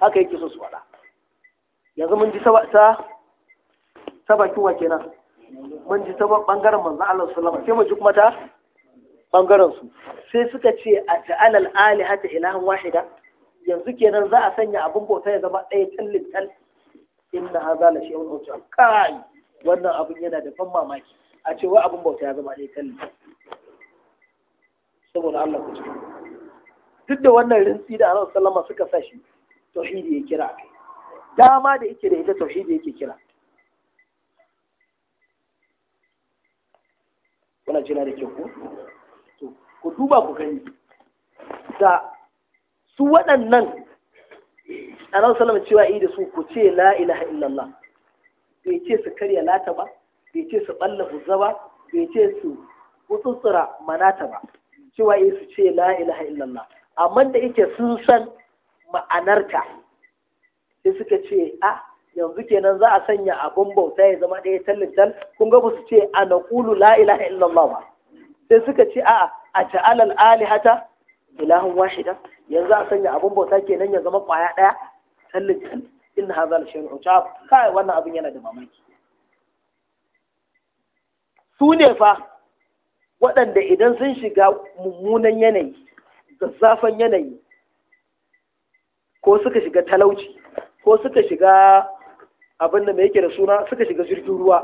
haka yake so su faɗa yanzu mun ji ta sabaki wa kenan mun ji sabon bangaren manzo Allah sallama sai mu ji kuma ta bangaren su sai suka ce a ta'alal alihata ilahan wahida yanzu kenan za a sanya abin bauta ya zama ɗaya tallin tal inna hadha la shay'un ujab kai wannan abin yana da ban mamaki a ce wa abin bauta ya zama ɗaya tallin saboda Allah ku cikin duk da wannan rintsi da Allah sallama suka sashi tauhidi ya kira dama da yake da ita tauhidi yake kira wannan jina da kyau ku ku duba ku gani da su waɗannan Allah sallama cewa yi da su ku ce la ilaha illallah bai ce su karya lata ba bai ce su balla buzza ba bai ce su kutsutsura manata ba cewa ya eh su ce la ilaha illallah amma da yake sun san ma'anarta sai suka ce a ah, yanzu kenan za a sanya abin bauta ya zama ɗaya tallintal kun ga su ce a naqulu la ilaha illallah ba sai suka ce a a ta'alal alihata ilahun wahida yanzu a sanya abin bauta kenan ya zama kwaya ɗaya tallintal inna hadha la ta kai wannan abin yana da mamaki su ne fa waɗanda idan sun shiga mummunan yanayi zafin yanayi ko suka shiga talauci ko suka shiga abin da mai yake da suna suka shiga jirgin ruwa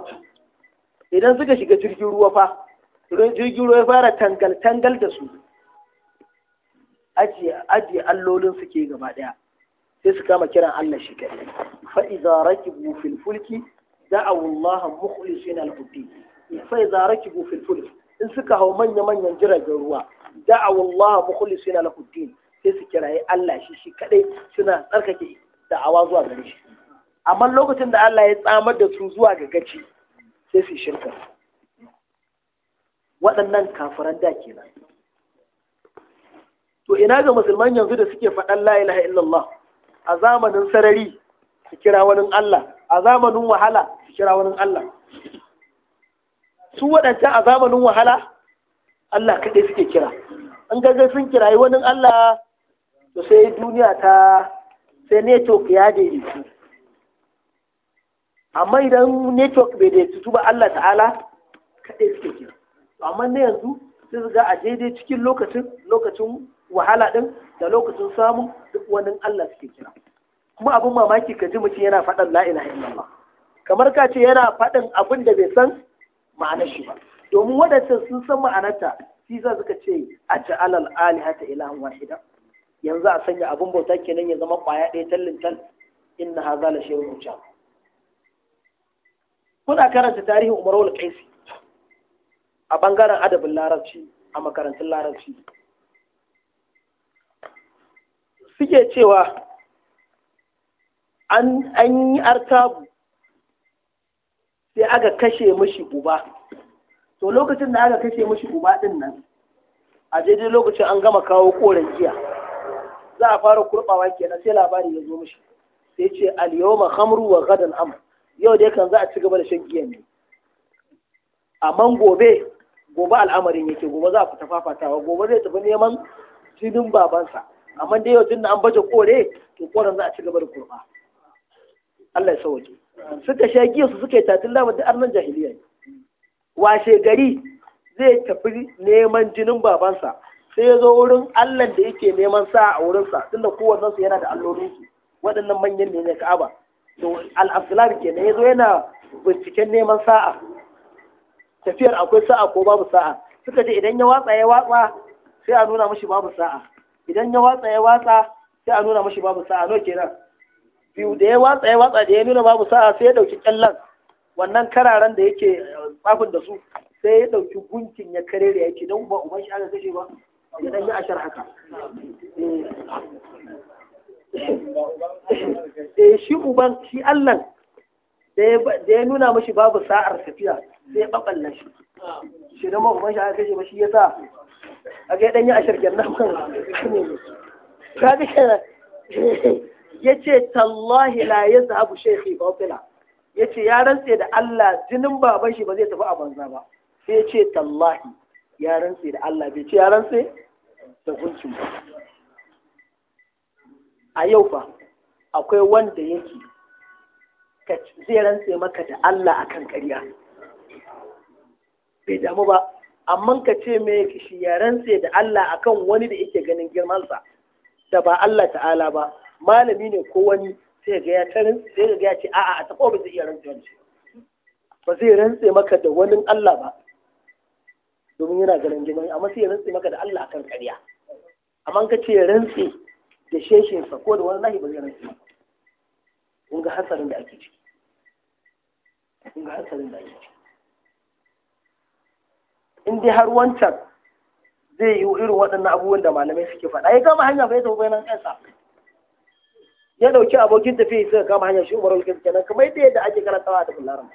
idan suka shiga jirgin ruwa fa jirgin ruwa ya fara tangal-tangal da su ajiye allolin suke gaba ɗaya sai su kama kiran Allah shi kaɗai fa'iza rakibu fil fulki da'awu Allah mukhlisina al-huddin fa'iza rakibu fil fulki in suka hau manya-manyan jiragen ruwa mukulli suna na din sai su kiraye Allah shi shi kadai suna tsarkake da awa zuwa gare shi amma lokacin da Allah ya tsamar da su zuwa ga gaci sai su shirka waɗannan kafiran da kenan to ina ga musulman yanzu da suke faɗan la ilaha illallah a zamanin sarari su kira wani Allah a zamanin wahala su kira wani Allah su waɗancan a zamanin wahala Allah kaɗai suke kira an gaggai sun kirayi wani Allah to sai duniya ta sai network ya daidaitu amma idan network bai daidaitu ba Allah ta'ala kaɗai suke kira amma na yanzu sai su ga a daidai cikin lokacin lokacin wahala ɗin da lokacin samun duk wani Allah suke kira kuma abin mamaki ka ji mutum yana faɗin la ilaha illallah kamar ka ce yana faɗin abin da bai san ma'anar shi domin waɗancan sun san ma'anarta shi za suka ce a ci alal alihata ilahan wahida yanzu a sanya abin bauta kenan ya zama kwaya ɗaya tallin tal na haza la shay'un ujab kuna karanta tarihin Umar wal kaisi a bangaren adabin larabci a makarantun larabci suke cewa an yi artabu sai aka kashe mashi uba to lokacin da aka kashe mashi uba din nan a daidai lokacin an gama kawo koren giya za a fara kurbawa kenan sai labari ya zo mashi sai ce al-yawma wa gadon am yau dai kan za a ci gaba da shan giya ne amma gobe gobe al'amarin yake gobe za a fita fafatawa gobe zai tafi neman jinin babansa amma dai yau tunda an baje kore to koren za a ci gaba da kurba Allah ya sauke suka sha giya su suka yi tatin dama da arnan jahiliya ne washe gari zai tafi neman jinin babansa sai ya zo wurin Allah da yake neman sa a wurinsa tunda kowannen su yana da allolin waɗannan manyan ne na Ka'aba to al-Aslam kenan ya zo yana binciken neman sa'a tafiyar akwai sa'a ko babu sa'a suka ce idan ya watsa ya watsa sai a nuna mashi babu sa'a idan ya watsa ya watsa sai a nuna mashi babu sa'a no kenan biyu da ya watsa ya watsa da ya nuna babu sa'a sai ya dauki kyallan wannan kararan da yake bakun eh, da su sai ya dauki gunkin ya kare da yake don ba uban shi aka kashe ba ya dan yi ashar haka eh, eh shi uban shi Allah da ya nuna mashi babu sa'ar tafiya sai ya baballa shi shi da uban mashi aka kashe mashi ya sa a ga dan yi ashar kenan kan ne ka ga kenan yace tallahi la abu shaykhi batila yace ya rantse da Allah jinin baban shi ba zai tafi a banza ba sai ce tallahi ya rantse da Allah bai ce ya rantse da kuncin ba a yau fa akwai wanda yake zai rantse maka da Allah akan ƙarya bai damu ba amma ka ce mai kishi ya rantse da Allah akan wani da yake ganin girmansa da ba Allah ta'ala ba malami ne ko wani sai ga ya tarin sai ga ya ce a'a a tako ba zai iya wani ba zai rantse maka da wani Allah ba domin yana ganin jimai amma sai ya rantse maka da Allah akan kariya amma ka ce rantse da sheshin sa ko da wani lahi ba zai rantse maka kun ga hasarin da ake ciki kun ga hasarin da ake ciki in dai har wancan zai yi irin waɗannan abubuwan da malamai suke faɗa ya gama hanya bai tafi bayanan kansa ya dauki abokin tafiya suka kama hanyar shi umarul kafi kenan kamar yadda yadda ake karantawa da bullaran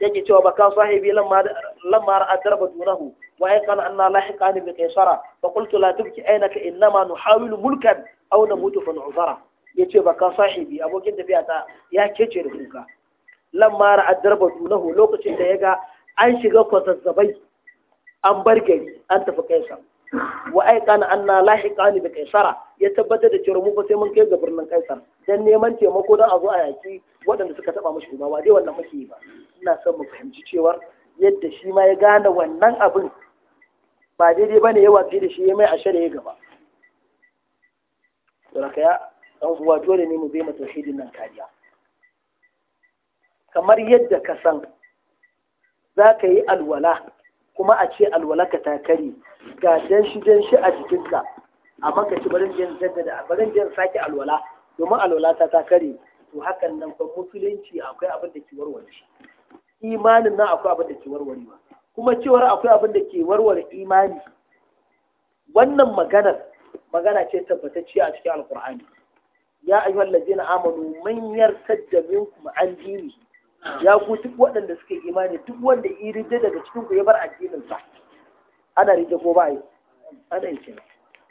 yake cewa baka sahibi lamma lamma ra'a darba dunahu wa kana anna lahiqani bi qaisara fa qultu la tubki aynaka innama nuhawilu mulkan aw namutu fa nu'zara yace baka sahibi abokin tafiya ta ya kece da kuka lamma ra'a darba dunahu lokacin da yaga an shiga kwazazzabai an bar gari an tafi kaisara wa aikana anna lahiqani bi kaisara ya tabbatar da cewa mu fa sai mun kai ga birnin kaisar dan neman taimako don a zo a yaki waɗanda suka taba mashi ba dai wannan muke yi ba ina son mu fahimci cewa yadda shi ma ya gane wannan abin ba daidai bane ya watsi da shi ya mai da ya gaba saboda dan uwa dole ne mu bai mu tauhidin nan kariya kamar yadda ka san za ka yi alwala kuma a ce alwalaka ta kare ga danshi danshi a jikinka amma ka ci barin jin jaddada barin jin sake alwala domin alwala ta ta kare to hakan nan fa musulunci akwai abin da ke warware shi imanin nan akwai abin da ke warwarewa kuma cewar akwai abin da ke warware imani wannan maganar magana ce ce a cikin alkur'ani ya ayyuhal ladina amanu man yartadda minkum an dini ya ku duk waɗanda suke imani duk wanda ya daga cikin ku ya bar addinin sa ana rike ko ba yi ana yi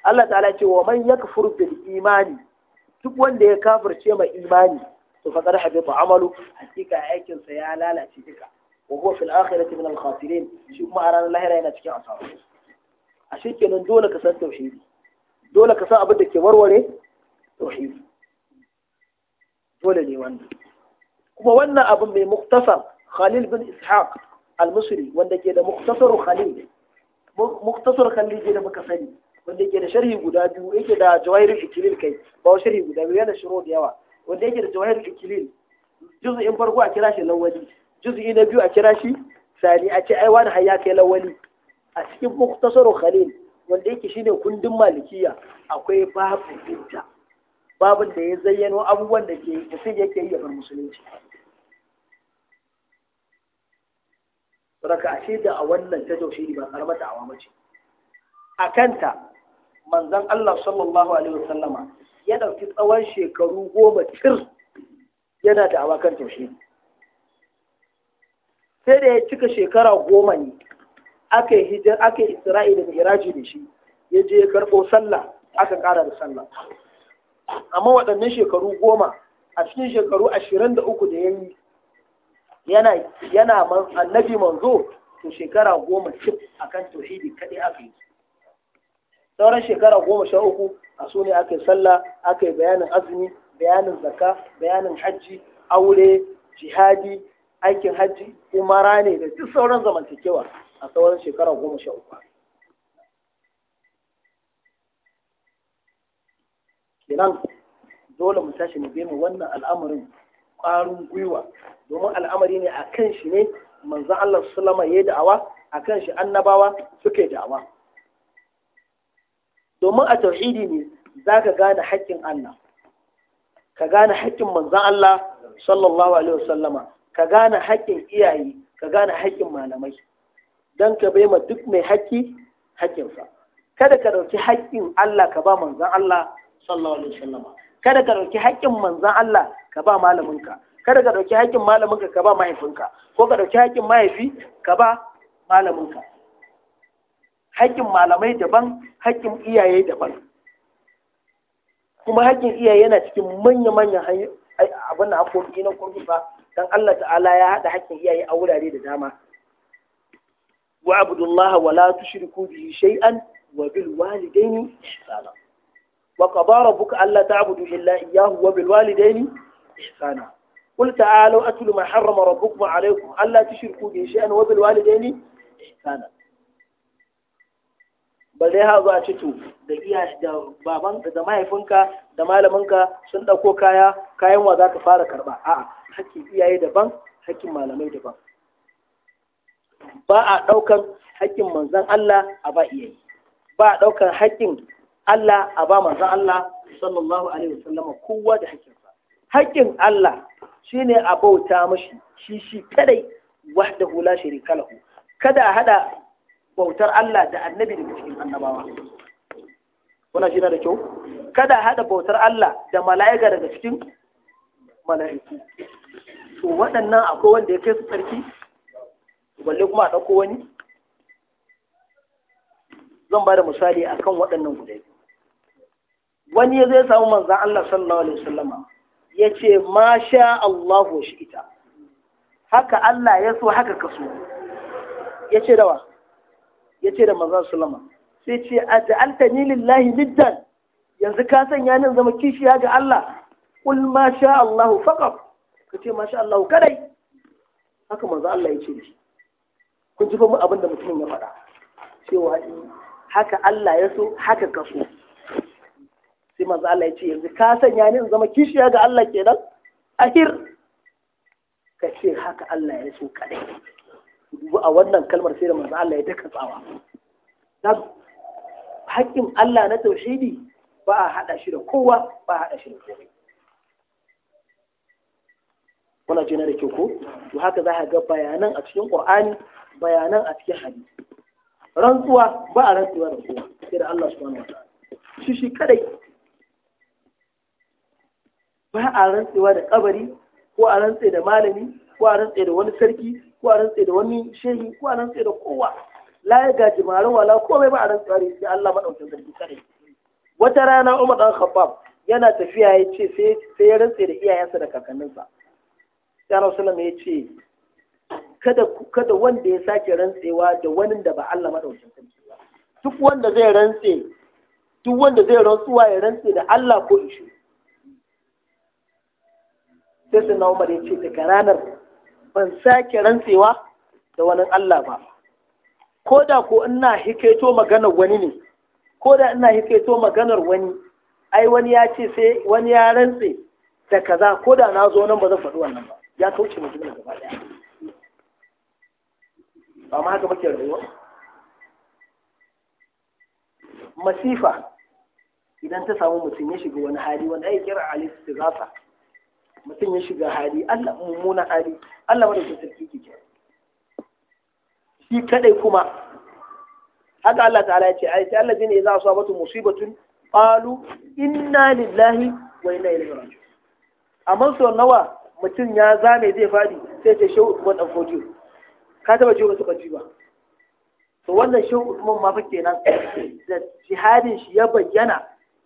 Allah ta'ala ce wa man yakfur bil imani duk wanda ya kafirce ma imani to fa qad habita amalu hakika aikin sa ya lalace duka wa huwa fil akhirati min al khasirin shi kuma a ranar lahira yana cikin asara a shi kenan dole ka san tauhidi dole ka san abin da ke warware tauhidi dole ne wannan kuma wannan abin mai muktasar Khalil bin Ishaq al-Misri wanda ke da muktasar Khalil muktasar ke da muka sani wanda yake da sharhi guda biyu yake da jawahirul ikilil kai ba sharhi guda biyu yana shiro da yawa wanda yake da jawahirul ikilil in farko a kira shi lawali juzu na biyu a kira shi sani a ce ai wani haya kai lawali a cikin muktasar khalil wanda yake shine kundin malikiya akwai babu bidda babun da ya zayyano abubuwan da ke sai yake yi a musulunci Raka ashe da a wannan ta taushe ba karamar da ba ce. A kanta manzon Allah sallallahu alaihi wasallama ya ɗauki tsawon shekaru goma cir yana awa kan taushe. Sai da ya cika shekara goma ne aka yi hijar aka yi isra'i da mihraji da shi ya je ya karɓo sallah aka ƙara da sallah. Amma waɗannan shekaru goma a cikin shekaru ashirin da uku da ya yi yana yana man annabi manzo to shekara goma cif akan tauhidi kaɗai aka yi sauran shekara goma sha uku a su ne aka yi sallah aka yi bayanin azumi bayanin zakka bayanin hajji aure jihadi aikin hajji umara ne da duk sauran zamantakewa a sauran shekara goma sha uku kenan dole mu tashi mu mu wannan al'amarin ƙwarin gwiwa domin al'amari ne a kan shi ne manzan Allah sallama ya yi da'awa a kan shi annabawa suke da'awa domin a tauhidi ne za ka gane haƙƙin Allah ka gane haƙƙin manzan Allah sallallahu alaihi wasallama ka gane haƙƙin iyaye ka gane haƙƙin malamai don ka bai ma duk mai haƙƙi haƙƙinsa kada ka ɗauki haƙƙin Allah ka ba manzan Allah sallallahu alaihi wasallama kada ka ɗauki haƙƙin manzan Allah ka ba malaminka kada ka ɗauki haƙƙin malaminka ka ba mahaifinka ko ka ɗauki haƙƙin mahaifi ka ba malaminka haƙƙin malamai daban haƙƙin iyaye daban kuma haƙƙin iyaye yana cikin manya-manyan abin da haƙoƙi na ba don Allah ta'ala ya haɗa haƙƙin iyaye a wurare da dama wa abdullahi wa la tushriku bihi shay'an wa bil walidaini ihsana wa qadara buka Allah ta'budu illa iyyahu wa bil walidaini إحسانا قل تعالوا أتل ما حرم ربكم عليكم ألا تشركوا به شيئا وبالوالدين إحسانا balle ha zuwa cito da iya da baban da mahaifinka da malaminka sun ɗauko kaya kayan wa za ka fara karɓa a'a hakkin iyaye daban hakkin malamai daban ba a ɗaukan hakkin manzan Allah a ba iyaye ba a ɗaukan hakkin Allah a ba manzan Allah sallallahu alaihi wasallam kowa da hakkin haƙƙin Allah ne a bauta mashi shi shi kadai wahdahu hula shi lahu kada a haɗa bautar Allah da annabi daga cikin annabawa kuna shi na da kyau kada a haɗa bautar Allah da mala'ika daga cikin mala'iku to waɗannan akwai wanda ya kai su tsarki balle kuma a ɗauko wani zan ba da misali akan waɗannan guda wani ya zai samu manzan Allah sallallahu alaihi wasallama ya ce ma sha Allahu shi ita haka Allah ya so haka ka so ya ce da wa ya ce da manzon sulama sai ce a ja'alta ni lillahi niddan yanzu ka sanya ni zama kishiya ga Allah kul ma sha Allahu faqat ka ce ma sha Allahu kadai haka maza Allah ya ce da shi kun ji fa mu abin da mutumin ya faɗa cewa haka Allah ya so haka ka so sai manzo Allah ya ce yanzu ka sanya ni in zama kishiya ga Allah kenan ahir ka ce haka Allah ya so kadai dubu a wannan kalmar sai da manzo Allah ya daka tsawa haƙƙin Allah na tauhidi ba a haɗa shi da kowa ba a haɗa shi da kowa wannan jina da ke ko to haka za ka ga bayanan a cikin Qur'ani bayanan a cikin hadisi rantsuwa ba a rantsuwa da kowa sai da Allah subhanahu wa ta'ala shi shi kadai ba a rantsewa da kabari ko a rantse da malami ko a rantse da wani sarki ko a rantse da wani shehi ko a rantse da kowa la ya gaji maran wala komai ba a rantsewa da sai Allah madaukakin sarki kare wata rana Umar dan Khabbab yana tafiya ya ce sai ya rantse da iyayensa da kakanninsa sai sallam ya ce kada kada wanda ya sake rantsewa da wani da ba Allah madaukakin sarki ba duk wanda zai rantse duk wanda zai rantsuwa ya rantse da Allah ko ishi sai sai na umar ya ce daga ranar ban sake rantsewa da wani Allah ba ko da ko ina hikaito maganar wani ne ko da ina hikaito maganar wani ai wani ya ce sai wani ya rantse da kaza ko da na zo nan ba zan faɗi wannan ba ya kauce mu jimla gaba ɗaya ba ma haka muke rayuwa masifa idan ta samu mutum ya shiga wani hali wanda ya kira alistigafa mutum ya shiga hali Allah mummunan hali Allah wanda ke sarki ke shi kadai kuma haka Allah ta'ala ya ce ai sai Allah jini idza asabatu musibatun qalu inna lillahi wa inna ilaihi raji'un amma so nawa mutum ya zame zai fadi sai ta shau Usman dan Fodiyo ka taba ji wasu kaji ba to wannan shau Usman ma fa kenan da jihadin shi ya bayyana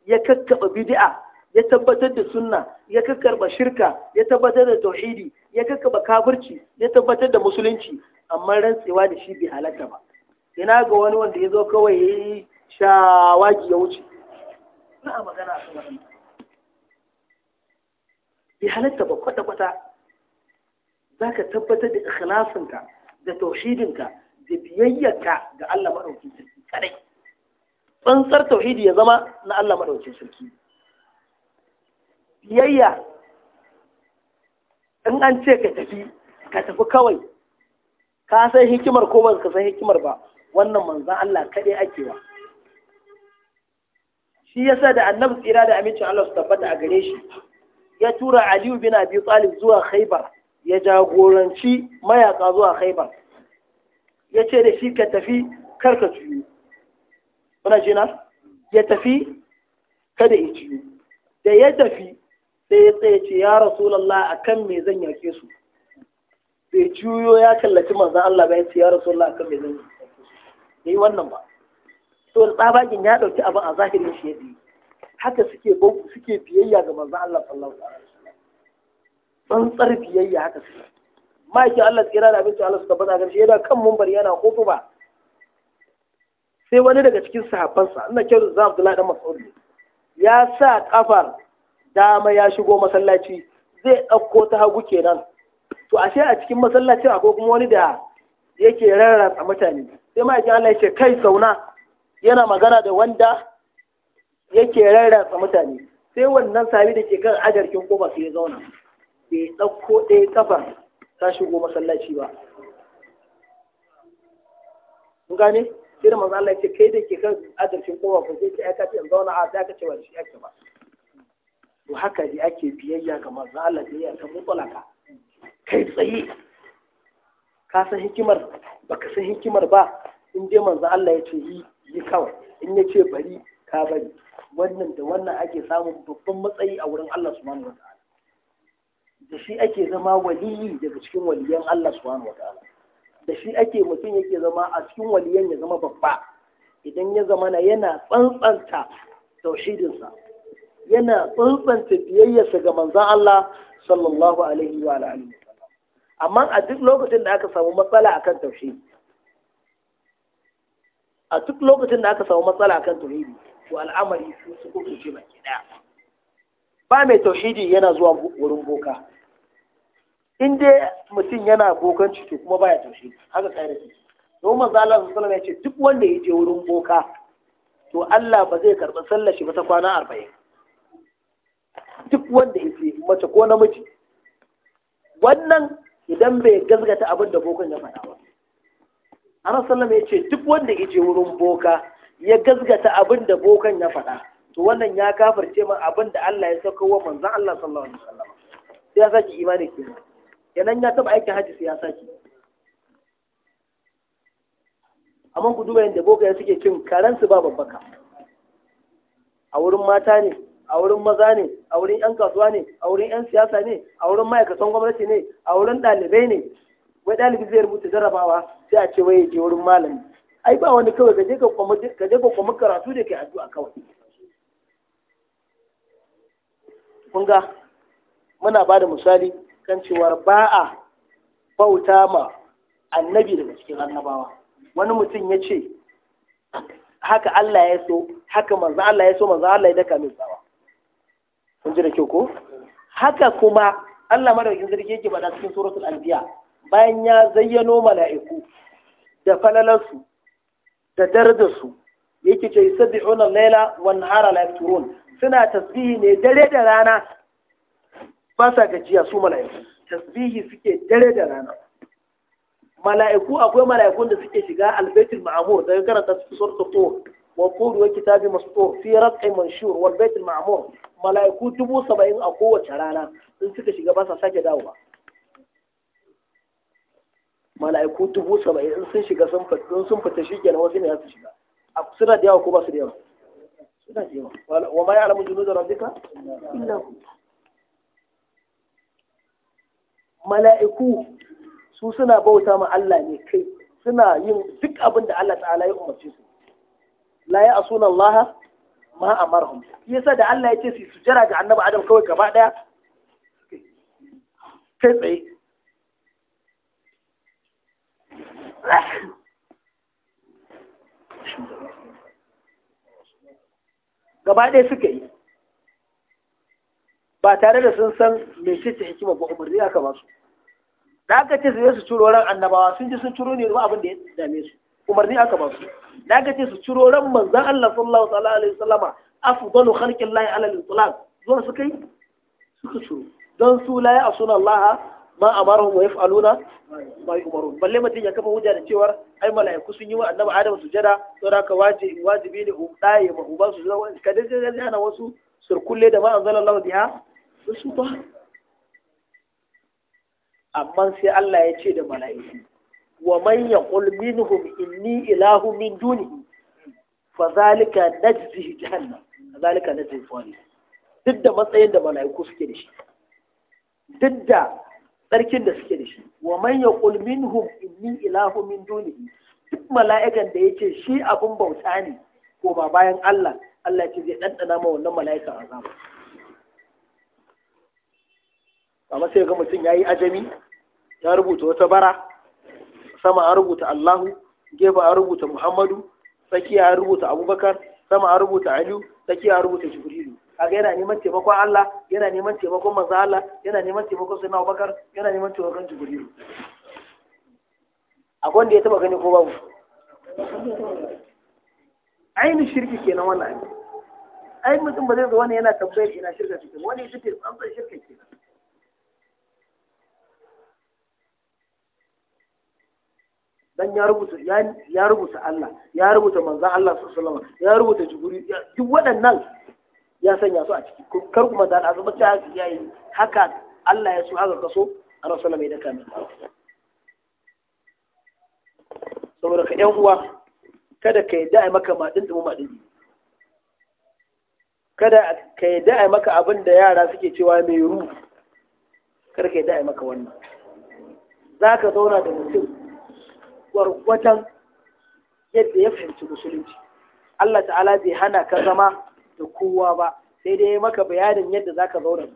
ya kakkaba bid'a ya tabbatar da sunna ya kakkarba shirka ya tabbatar da tauhidi ya kakkarba kafirci ya tabbatar da musulunci amma rantsewa da shi bai halarta ba ina ga wani wanda ya zo kawai ya yi shawagi ya wuce ba a magana a kan bai halatta ba kwata-kwata za ka tabbatar da ikhlasinka da tauhidinka da biyayyarka ga Allah maɗaukin sarki kadai tsantsar tauhidi ya zama na Allah maɗaukin sarki biyayya in an ce ka tafi ka tafi kawai ka san hikimar ko ba ka san hikimar ba wannan manzan Allah kaɗai ake wa shi yasa da annabi tsira da amincin Allah su tabbata a gare shi ya tura Aliyu bin Abi Talib zuwa Khaybar ya jagoranci mayaka zuwa Khaybar ya ce da shi ka tafi kar ka kuna jina ya tafi kada ya juyo da ya tafi sai ya tsaye ce ya rasulallah a kan me zan yake su sai juyo ya kallaci manzan Allah bai ce ya rasulallah a kan me zan yake su yi wannan ba to da tsabagin ya ɗauki abin a zahirin shi ya biyu haka suke suke biyayya ga manzan Allah sallallahu alaihi wasallam tsantsar biyayya haka suke maki Allah tsira da abinci Allah suka bada garshe yana kan mumbar yana kofu ba sai wani daga cikin sahabbansa ina kyau da Abdullahi dan Mas'ud ya sa kafar dama ya shigo masallaci zai ɗauko ta hagu kenan to ashe a cikin masallacin akwai kuma wani da yake rarrasa mutane sai ma'aikin Allah ya ce kai sauna yana magana da wanda yake rarrasa mutane sai wannan sami da ke kan ajarkin kofa sai ya zauna bai ɗauko ɗaya kafar ta shigo masallaci ba kun gane sai da manzo Allah ya ce kai da ke kan ajarkin kofa sai ka ta zauna a ta ka ce wani shi ake ba to haka ne ake biyayya ga manzon Allah ya ta mutlaka kai tsaye ka san hikimar baka san hikimar ba in dai manzo Allah ya ce yi yi kawai in ya ce bari ka bari wannan da wannan ake samun babban matsayi a wurin Allah subhanahu wataala da shi ake zama waliyi daga cikin waliyan Allah subhanahu wataala da shi ake mutum yake zama a cikin waliyan ya zama babba idan ya zama na yana tsantsanta tauhidinsa yana tsuntsanta biyayyarsa ga manzan Allah sallallahu alaihi wa alihi amma a duk lokacin da aka samu matsala akan taushe, a duk lokacin da aka samu matsala akan tauhidi to al'amari su su kuke ce baki daya ba mai tauhidi yana zuwa wurin boka in dai mutum yana bokan to kuma baya taushe haka kare shi don manzo Allah sallallahu alaihi ya ce duk wanda ya je wurin boka to Allah ba zai karɓi sallar shi ba ta kwana arba'in. duk wanda yake mace ko namiji wannan idan bai gazgata abin da bokan ya faɗa ba ana sallama ya ce duk wanda yake wurin boka ya gazgata abin da bokan ya faɗa to wannan ya kafirce min abin da Allah ya sauka wa manzon Allah sallallahu alaihi wasallam sai ya saki imani ke kenan ya taba aikin haji sai ya saki amma ku duba yadda boka ya suke cin karansu ba babbaka a wurin mata ne a wurin maza ne a wurin 'yan kasuwa ne a wurin 'yan siyasa ne a wurin ma'aikatan gwamnati ne a wurin ɗalibai ne wai ɗalibi zai rubuta jarabawa sai a ce wai je wurin malami ai ba wani kawai kaje ka kwamu kaje ka kwamu karatu da kai addu'a kawai kun ga muna ba da misali kan cewar ba a bauta ma annabi daga cikin annabawa wani mutum ya ce haka Allah ya so haka manzo Allah ya so manzo Allah ya daka min tsawa kun ji da kyau ko haka kuma Allah madaukakin sarki yake faɗa cikin suratul anbiya bayan ya zayyano mala'iku da falalansu da darajarsu yake ce yusabbihun al-laila wan nahara la yafturun suna tasbihi ne dare da rana ba sa gajiya su mala'iku tasbihi suke dare da rana mala'iku akwai mala'ikun da suke shiga al-baitul ma'mur daga karanta su suratul tur wa qulu wa kitabi mastur fi raqi manshur wal baitul ma'mur mala'iku dubu saba'in a kowace rana in suka shiga ba sa sake dawowa mala'iku dubu saba'in in sun shiga sun fita sun fita shi kenan wasu ne za su shiga suna da yawa ko ba su da yawa suna da yawa wa ma ya'lamu junuda rabbika illa mala'iku su suna bauta ma Allah ne kai suna yin duk abin da Allah ta'ala ya umarce su la ya asuna Allah ma amarhum yasa da Allah ya ce su sujjara ga annabi Adam kawai gaba daya kai tsaye gaba ɗaya suka yi ba tare da sun san mai ce hikima ba umarni aka ba su da aka ce su yi su ciro ran annabawa sun ji sun ciro ne ba abin da ya dame su umarni aka ba su da aka ce su ciro ran manzan Allah sallallahu alaihi wasallama afdalu khalqin lahi ala al islam zuwa Su kai suka ciro don su la ya asuna Allah ma amarhum wa yaf'aluna ma yu'marun balle mutun ya kafa hujja da cewar ai mala'iku sun yi wa annabi Adam sujada saboda ka wajibi wajibi ne ba ku uba su zuwa ka da ana wasu surkulle da ma Allah biha su ba amma sai Allah ya ce da mala'iku wa man yaqul minhum inni ilahu min dunihi fa zalika najzihi jahannam zalika najzihi fani duk da matsayin da mala'iku suke da shi duk da tsarkin da suke da shi wa man yaqul minhum inni ilahu min dunihi duk mala'ikan da yace shi abun bauta ne ko ba bayan Allah Allah ce zai ɗanɗana ma wannan mala'ika azaba amma sai ga mutum yayi ajami ya rubuta wata bara sama a rubuta Allahu gefe a rubuta Muhammadu tsakiya a rubuta Abubakar sama a rubuta Aliyu tsakiya a rubuta Jibrilu kaga yana neman taimakon Allah yana neman taimakon manzo Allah yana neman taimakon Sayyidina Abubakar yana neman taimakon Jibrilu akwai wanda ya taba gani ko babu aini shirki kenan wannan ai mutum ba zai zo wani yana tambayar ina shirka cikin wani shirki ce san shirka kenan dan ya rubuta ya rubuta Allah ya rubuta manzon Allah sallallahu alaihi ya rubuta jibril duk waɗannan ya sanya su a ciki kar kuma da azuba ta yayi haka Allah ya so haka kaso a rasulullah mai daka mai saboda ka yan uwa kada ka yadda ai maka ma din ma din kada ka yadda ai maka abin da yara suke cewa mai ru kada ka yadda ai maka wannan zaka zauna da mutum gwargwadon yadda ya fahimci musulunci Allah ta'ala bai hana ka zama da kowa ba sai dai maka bayanin yadda za ka zauna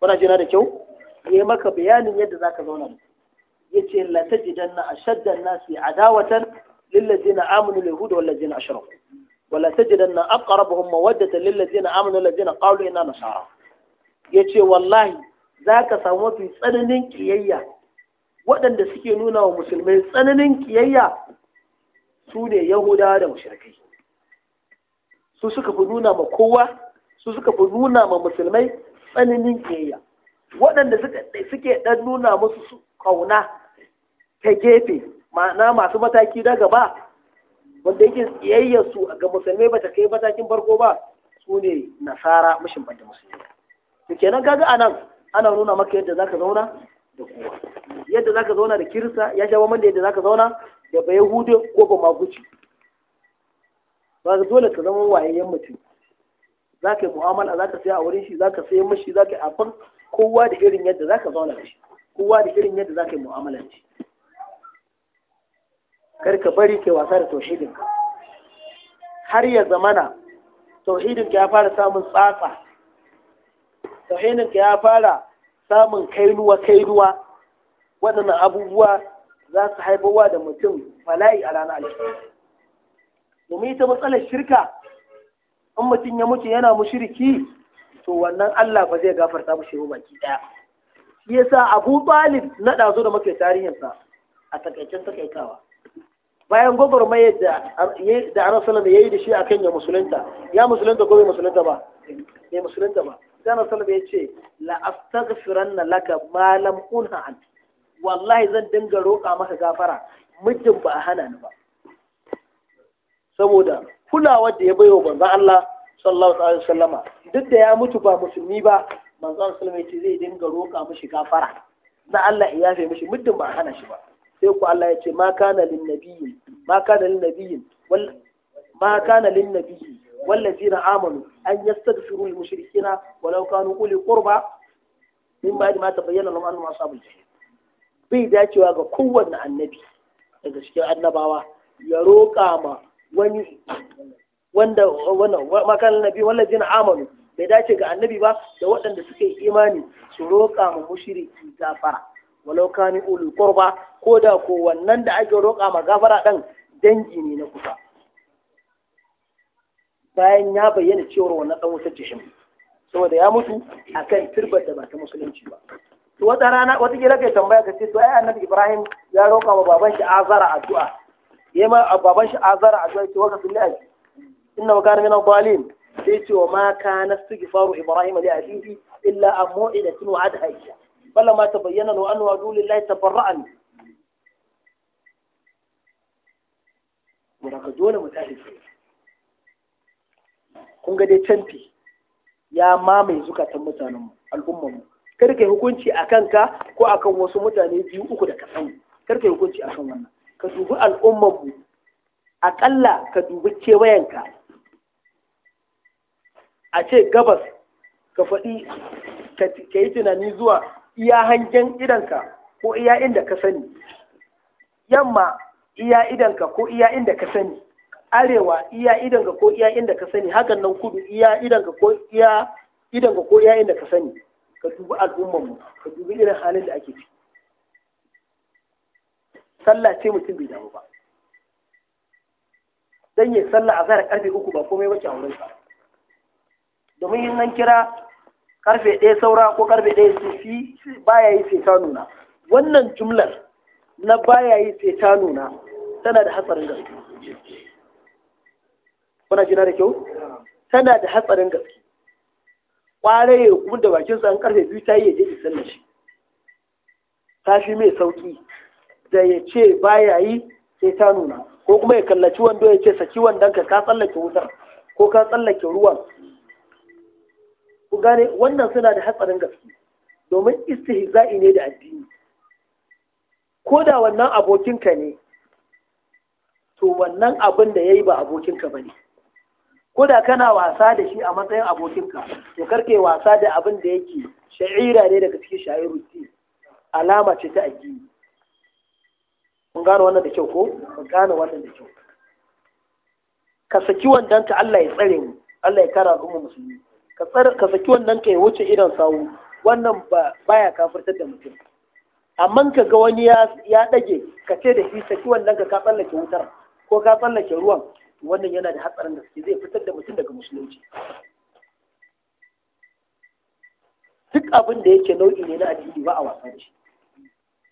kuna jina da kyau ya yi maka bayanin yadda za ka zauna ya ce na latajidanna ashaddan nasi adawatan lillazina amanu yahuda na ashraku wala ta lillazi na Aminu amanu na qalu ina nasara ce wallahi za ka samu mafi tsananin kiyayya waɗanda suke nuna wa musulmai tsananin kiyayya su ne yahuda da mashirkai su suka fi nuna ma kowa su suka fi nuna ma musulmai tsananin kiyayya waɗanda suke ɗan nuna musu kauna ta gefe ma'ana masu mataki na gaba wanda yake tsiyayyarsu ga musulmai ba ta kai matakin farko ba su ne nasara mashin bada musulmai kenan kaga anan ana nuna maka yadda zaka zauna da za yadda zauna da kirista ya sha bamban da yadda ka zauna da ba yahudu ko ba maguci ba ka dole ka zama wayayyen mutum za ka yi mu'amala za ka saya a wurin shi za ka sai mashi za ka yi abin kowa da irin yadda za ka zauna da shi kowa da irin yadda za ka yi mu'amala da shi kar ka bari ke wasa da tauhidinka har ya zamana ka ya fara samun tsatsa ka ya fara samun kai ruwa waɗannan abubuwa za su haifarwa da mutum fala'i a ranar alkiyama domin ita matsalar shirka in mutum ya mutu yana mu shirki, to wannan Allah ba zai gafarta mu ba baki ɗaya, shi yasa Abu Talib na ɗazo da muke tarihin a takaicen takaitawa bayan gwagwarmayar da da ya yi da shi akan ya musulunta ya musulunta ko bai musulunta ba bai musulunta ba sanar salama ya ce la astaghfiranna laka ma lam unha an wallahi zan dinga roƙa maka gafara muddin ba a hana ni ba saboda kulawa da ya bayo Banza Allah sallallahu alaihi wasallama duk da ya mutu ba musulmi ba manzo sallallahu ya ce zai dinga roƙa mishi gafara na Allah ya yafe mishi muddin ba a hana shi ba sai ku Allah ya ce ma kana lin nabiyyi ma kana lin nabiyyi wal ma kana lin nabiyyi والذين آمنوا أن يستغفروا للمشركين ولو كانوا أولي قربى من بعد ما تبين لهم أنهم أصحاب الجحيم bai dacewa ga kowanne annabi daga cikin annabawa ya roƙa ma wani wanda makan nabi wallazi na amanu bai dace ga annabi ba da waɗanda suka yi imani su roƙa ma mushriki gafara walau kani ulul qurba ko da ko wannan da ake roƙa ma gafara dan dangi ne na kusa bayan ya bayyana cewar wannan dan wutar jishin saboda ya mutu akan turbar da ba ta musulunci ba to wata rana wata kila kai tambaya ka ce to ai annabi Ibrahim ya roƙa wa baban shi azara addu'a yayi ma baban shi azara addu'a ce waka fil lahi inna wakana min al-zalim sai ce wa ma kana istighfaru Ibrahim li abihi illa an mu'idatin wa'ada Aisha فلما تبين له أنه عدو لله تبرأ منه. ولقد دون متعرفين kun ga dai canfi ya mamaye zukatan mutanenmu al'umman mu kar yi hukunci a kanka ko a kan wasu mutane biyu uku da ka san kar yi hukunci kan wannan ka dubi al'umman aƙalla akalla ka dubi kewayenka a ce gabas ka faɗi ka yi tunani zuwa iya hangen idanka ko iya inda ka sani yamma iya idanka ko iya inda ka sani arewa iya idan ga ko iya inda ka sani hakan nan kudu iya idan ga ko iya idan ga ko iya inda ka sani ka dubi al'ummar mu ka dubi irin halin da ake ciki sallah ce mutum bai damu ba dan yi sallah a zara karfe uku ba komai ba a wurin sa domin yin nan kira karfe ɗaya saura ko karfe ɗaya su fi baya yi sai ta nuna wannan jumlar na baya yi sai ta nuna tana da hatsarin gaske kuna jina da kyau tana da hatsarin gaske ƙwarai ya kuma da bakin sa an karfe biyu ta yi ya je ya shi ta fi mai sauki da ya ce baya yi sai ta nuna ko kuma ya kallaci wando ya ce saki wanda ka ka tsallake wutar ko ka tsallake ruwan ku gane wannan suna da hatsarin gaske domin istihza'i ne da addini ko da wannan abokinka ne to wannan abin da ya yi ba abokinka ba ne ko da kana wasa da shi a matsayin abokinka to karke wasa da abin da yake sha'ira ne daga cikin sha'iru alama ce ta addini Mun gano wannan da kyau ko Mun gano wannan da kyau ka saki wannan ka Allah ya tsare mu Allah ya kara mu musulmi ka tsare ka saki wannan ka ya wuce idan sawu wannan ba baya kafirtar da mutum amma ka ga wani ya ya dage ka ce da shi saki wannan ka ka tsallake wutar ko ka tsallake ruwan wannan yana da hatsarin da suke zai fitar da mutum daga musulunci duk abin da yake nau'i ne na addini ba a wasa da shi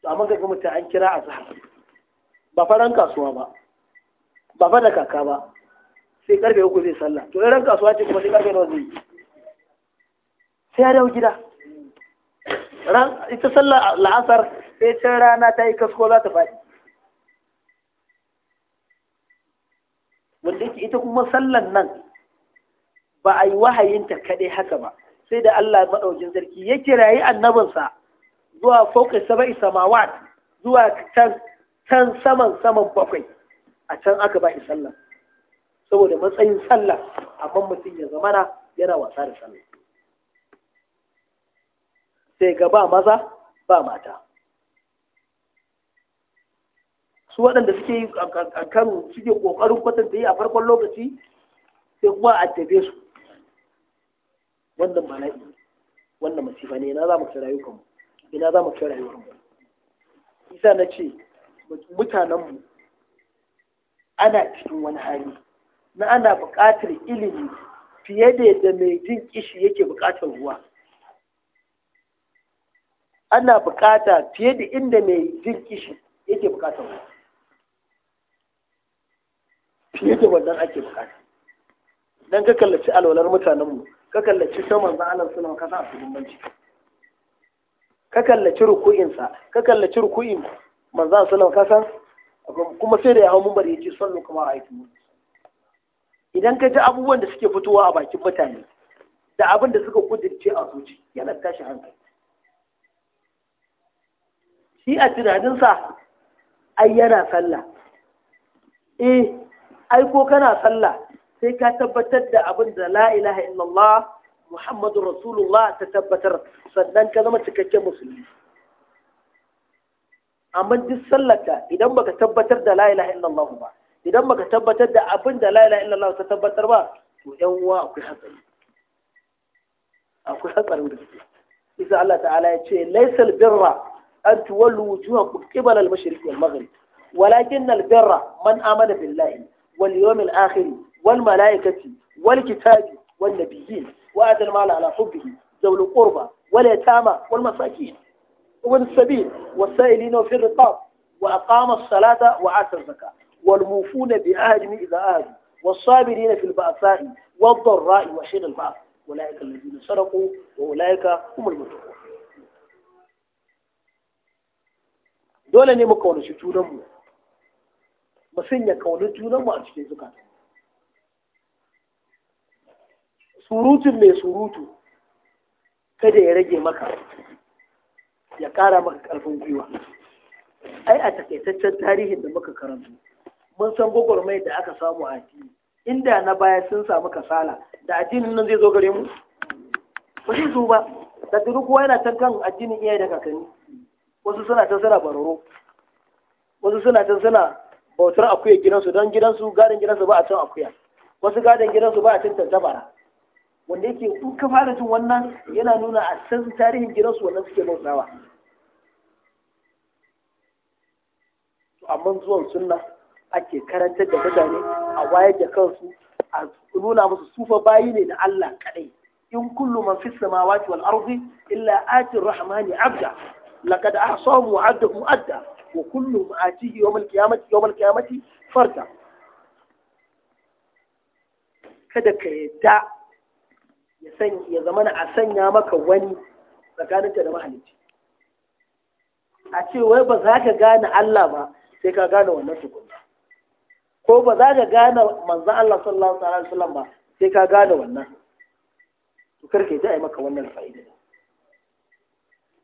to amma ga mutum an kira a zahar ba faran kasuwa ba ba fa da kaka ba sai karfe uku zai sallah to ran kasuwa ce kuma sai karfe nawa zai sai ya dawo gida ran ita sallah la'asar sai can rana ta yi kasko za ta faɗi ita kuma sallan nan ba a yi wahayinta kaɗai haka ba sai da Allah maɗaukin sarki ya kirayi annabinsa zuwa fauka saba'i samawat zuwa can saman saman bakwai a can aka ba sallah saboda matsayin sallah amma mutum ya zamana yana wasa da sallah sai ga ba maza ba mata su waɗanda suke yi a kano suke ƙoƙarin kwatanta yi a farkon lokaci sai kuma a tafe su wannan bala'i wannan masifa ne ina za mu kira rayukan mu ina za mu kira rayuwar mu isa na ce mutanen mu ana cikin wani hali na ana buƙatar ilimi fiye da yadda mai jin kishi yake buƙatar ruwa ana buƙata fiye da inda mai jin kishi yake buƙatar ruwa fiye da wannan ake bukata dan ka kallaci alwalar mutanenmu ka kallaci saman za Allah suna kasa a shugabanci ka kallaci ruku'insa ka kallaci ruku'in manzo Allah suna kasa kuma sai da ya hau mumbar yace sallu a aikin idan ka ji abubuwan da suke fitowa a bakin mutane da abin da suka kudirce a zuci yana tashi hankali shi a tunaninsa ai yana sallah eh ai ko kana sallah sai ka tabbatar da abin da la ilaha illallah muhammadu rasulullah ta tabbatar sannan ka zama cikakken musulmi amma duk sallarka idan baka tabbatar da la ilaha illallah ba idan baka tabbatar da abin da la ilaha illallah ta tabbatar ba to yan uwa akwai hatsari akwai hatsarin gaske isa Allah ta'ala ya ce laysal birra an tuwallu wujuhakum qibala al-mashriq wal maghrib walakin al-birra man amana billahi wal yawmil akhir wal malaikati wal kitabi wan nabiyyin wa atal mal ala hubbihi ذوي القربى واليتامى والمساكين وابن السبيل والسائلين في الرقاب وأقام الصلاة وآتى الزكاة والموفون بعهدهم إذا عاهدوا والصابرين في البأساء والضراء وحين البأس أولئك الذين سرقوا وأولئك هم المتقون دولة نمكون شتورمو mu sanya kaunar mu a cikin zukata surutun mai surutu kada ya rage maka ya ƙara maka ƙarfin gwiwa ai a takaitaccen tarihin da muka karanta mun san gwagwarmai da aka samu a addini inda na baya sun samu kasala da addinin nan zai zo gare mu ba zai zo ba da duk kowa yana can kan addinin iyaye da kakanni wasu suna can suna bararo wasu suna can suna bautar akuya gidansu don gidansu gadon gidansu ba a cin akuya wasu gadon gidansu ba a cin tantabara wanda yake in ka fara jin wannan yana nuna a san tarihin gidansu wannan suke bautawa amma zuwan sunna ake karantar da mutane a wayar da kansu a nuna musu sufa bayi ne da Allah kadai in kullum man fis samawati wal ardi illa ati rahmani abda laqad ahsahum wa adda wa kullum atihi yawmal qiyamati yawmal qiyamati farda kada ka yadda ya san ya zama a sanya maka wani tsakaninka da mahalicci a ce wai ba za ka gane Allah ba sai ka gane wannan tukunna ko ba za ka gane manzon Allah sallallahu alaihi wasallam ba sai ka gane wannan to karke ta yi maka wannan fa'ida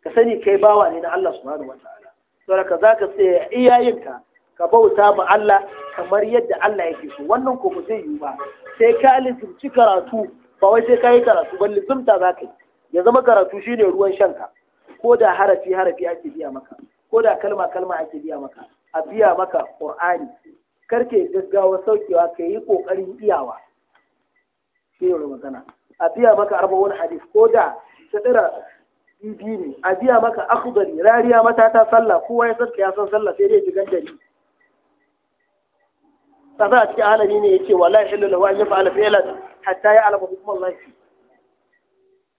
ka sani kai bawa ne na Allah subhanahu wataala ka za ka tsaya iyayenka ka bauta ba Allah kamar yadda Allah yake so wannan ko ba zai yi ba sai ka lizimci karatu ba wai sai ka yi karatu ba lizimta za ka yi ya zama karatu shine ruwan shanka ko da harafi harafi ake biya maka ko da kalma kalma ake biya maka a biya maka qur'ani karke gaggawa saukewa ka yi kokarin iyawa shi ne magana a biya maka wani hadis ko da ta ne, a biya maka akhdari rariya mata ta sallah kowa ya sarka ya san sallah sai dai ji gandari za a cikin alami ne yace wallahi hillu lahu an yaf'ala fi'lan hatta ya'lamu hukm Allah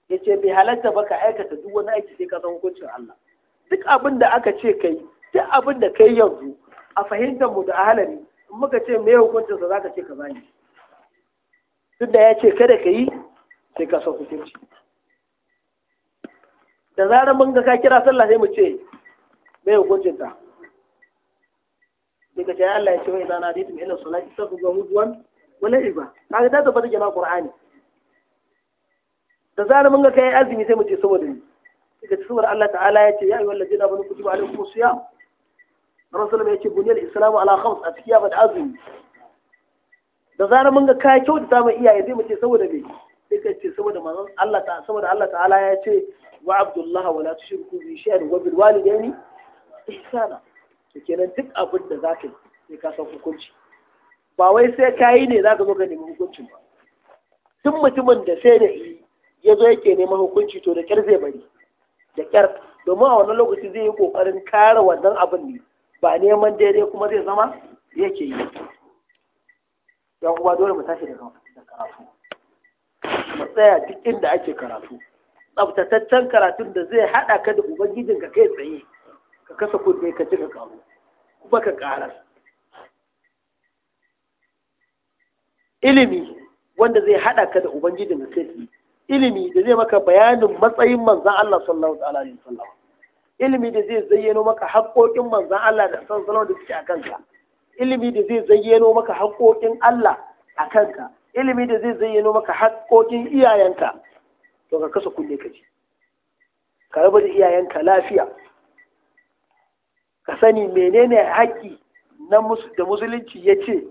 yace bai halatta ba ka aikata duk wani aiki sai ka san hukuncin Allah duk abin da aka ce kai duk abin da kai yanzu a fahimtar mu da ahalari in muka ce me hukuncin sa zaka ce ka bani. duk da ya ce kada ka yi sai ka san hukunci da zarar mun ga ka kira sallah sai mu ce mai hukuncin ta daga ce Allah ya ce wa idan aditum ila salati tafuga hudwan wala iba kaga ta bada jama'a qur'ani da zarar mun ga kai azumi sai mu ce saboda ni daga saboda Allah ta'ala ya ce ya ayyuhal ladina amanu kutiba alaykum siyam rasul ya ce bunyal islamu ala khams a cikin da azumi da zarar mun ga ka kyautata mai iyaye sai mu ce saboda ni sai ce saboda manzon Allah ta saboda Allah ta'ala ya ce wa abdullahi wala tushriku bi shay'in wa bil walidaini ihsana to kenan duk abin da zaka yi sai ka san hukunci ba wai sai kayi ne zaka zo ka nemi hukuncin ba tun mutumin da sai da ya zo yake neman hukunci to da kyar zai bari da kyar domin a wannan lokaci zai yi kokarin kare wannan abin ne ba neman daidai kuma zai zama yake yi yan uwa dole mu tashi da karatu tsaya duk inda ake karatu tsaftataccen karatun da zai haɗa ka da ubangijin ka kai tsaye ka kasa kunne ka ci ka karu kuma ka karar ilimi wanda zai haɗa ka da ubangijin ka kai tsaye ilimi da zai maka bayanin matsayin manzan Allah sallallahu alaihi wasallam ilimi da zai zayyano maka haƙoƙin manzan Allah da san salon da suke a kanka ilimi da zai zayyano maka haƙoƙin Allah a kanka ilimi da zai zayyano maka haƙoƙin iyayenka to ka kasa kulle ka ji ka raba da iyayenka lafiya ka sani menene haƙƙi da musulunci ya ce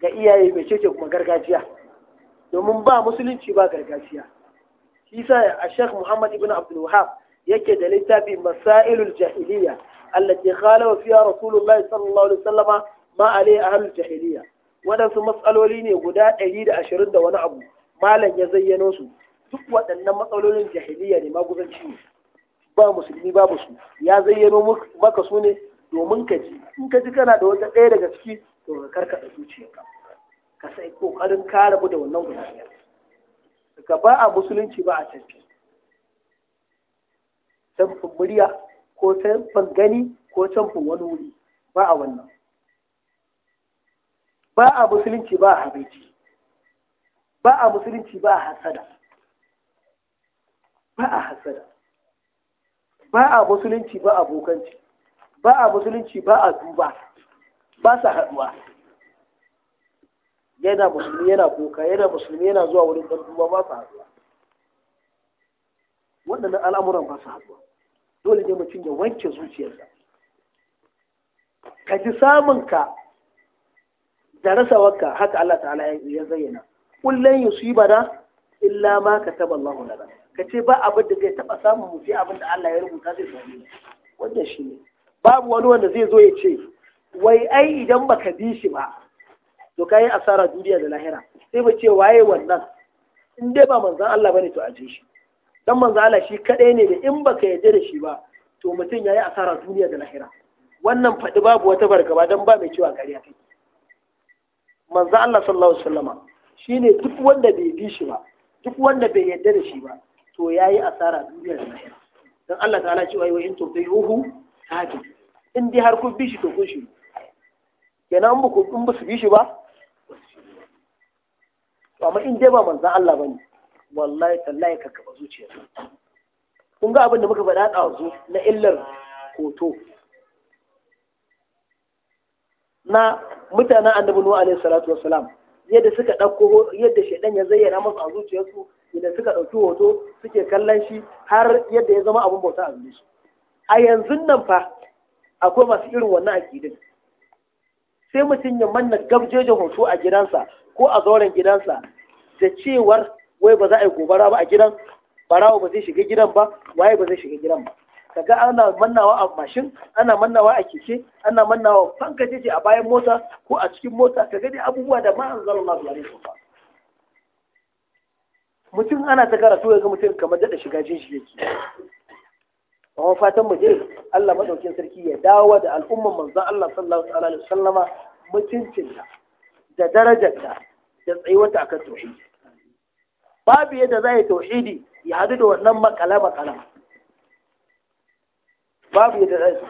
ga iyaye mai ce kuma gargajiya domin ba musulunci ba gargajiya shi sa a shek muhammad ibn abdul yake da littafi masailul jahiliya allati khalawa fiha rasulullahi sallallahu alaihi wasallama ma alai ahlul jahiliya waɗansu matsaloli ne guda ɗari da ashirin da wani abu malam ya zayyano su duk waɗannan matsalolin jahiliya ne maguzanci ne ba musulmi babu su ya zayyano maka su ne domin ka ji in ka ji kana da wata ɗaya daga ciki to ka karkaɗa zuciyarka ka sai kokarin ka rabu da wannan guda ɗaya daga ba a musulunci ba a tafi tamfin murya ko tamfin gani ko tamfin wani wuri ba a wannan ba a musulunci ba a habaici ba a musulunci ba a hasada ba a hasada ba a musulunci ba a bokanci ba a musulunci ba a duba ba sa haduwa yana musulmi yana boka yana musulmi yana zuwa wurin dan duba ba sa haduwa waɗannan al'amuran ba sa haduwa dole ne mutum ya wanke zuciyarsa ka ji samun ka da rasa wakka haka Allah ta'ala ya zayyana kullun bada illa ma kataba Allahu Ka ce ba abin da zai taba samun mu sai abin da Allah ya rubuta zai zo ne. shi ne babu wani wanda zai zo ya ce wai ai idan baka bi shi ba to yi asara duniya da lahira sai mu ce waye wannan in dai ba manzan Allah ne to a aje shi dan manzan Allah shi kadai ne da in baka yarda da shi ba to mutum ya yi asara duniya da lahira wannan faɗi babu wata barka ba dan ba mai cewa kariya kai manzo Allah sallallahu alaihi wasallama shine duk wanda bai bi shi ba duk wanda bai yarda da shi ba to yayi asara duniyar nan dan Allah ta'ala ce wa in to bai tubihu hadi in dai har kun bi shi to kun shi kenan ba ku in ba su bi shi ba to amma in dai ba manzo Allah bane wallahi tallahi ka kaba zuciya kun ga abin da muka faɗa ɗazu na illar hoto na mutanen annabi nuhu alaihi salatu wa Salam yadda suka ɗauko yadda shaidan ya zayyana masa a zuciyarsu idan suka ɗauki hoto suke kallon shi har yadda ya zama abin bauta a gare a yanzu nan fa akwai masu irin wannan akidin sai mutum ya manna gabjejin hoto a gidansa ko a zauren gidansa da cewar wai ba za a yi gobara ba a gidan barawo ba zai shiga gidan ba waye ba zai shiga gidan ba Ka ga ana mannawa a mashin ana mannawa a keke ana mannawa fanka ce a bayan mota ko a cikin mota kaga dai abubuwa da ma anzal Allah mutum ana ta karatu ya ga mutum kamar daɗa shiga jin shi yake amma fatan mu dai Allah madaukin sarki ya dawo da al'umman manzon Allah sallallahu alaihi wasallama mutuncinta da darajar da tsayuwata akan tauhidi babu yadda za yi tauhidi ya hadu da wannan makala makala babu yadda za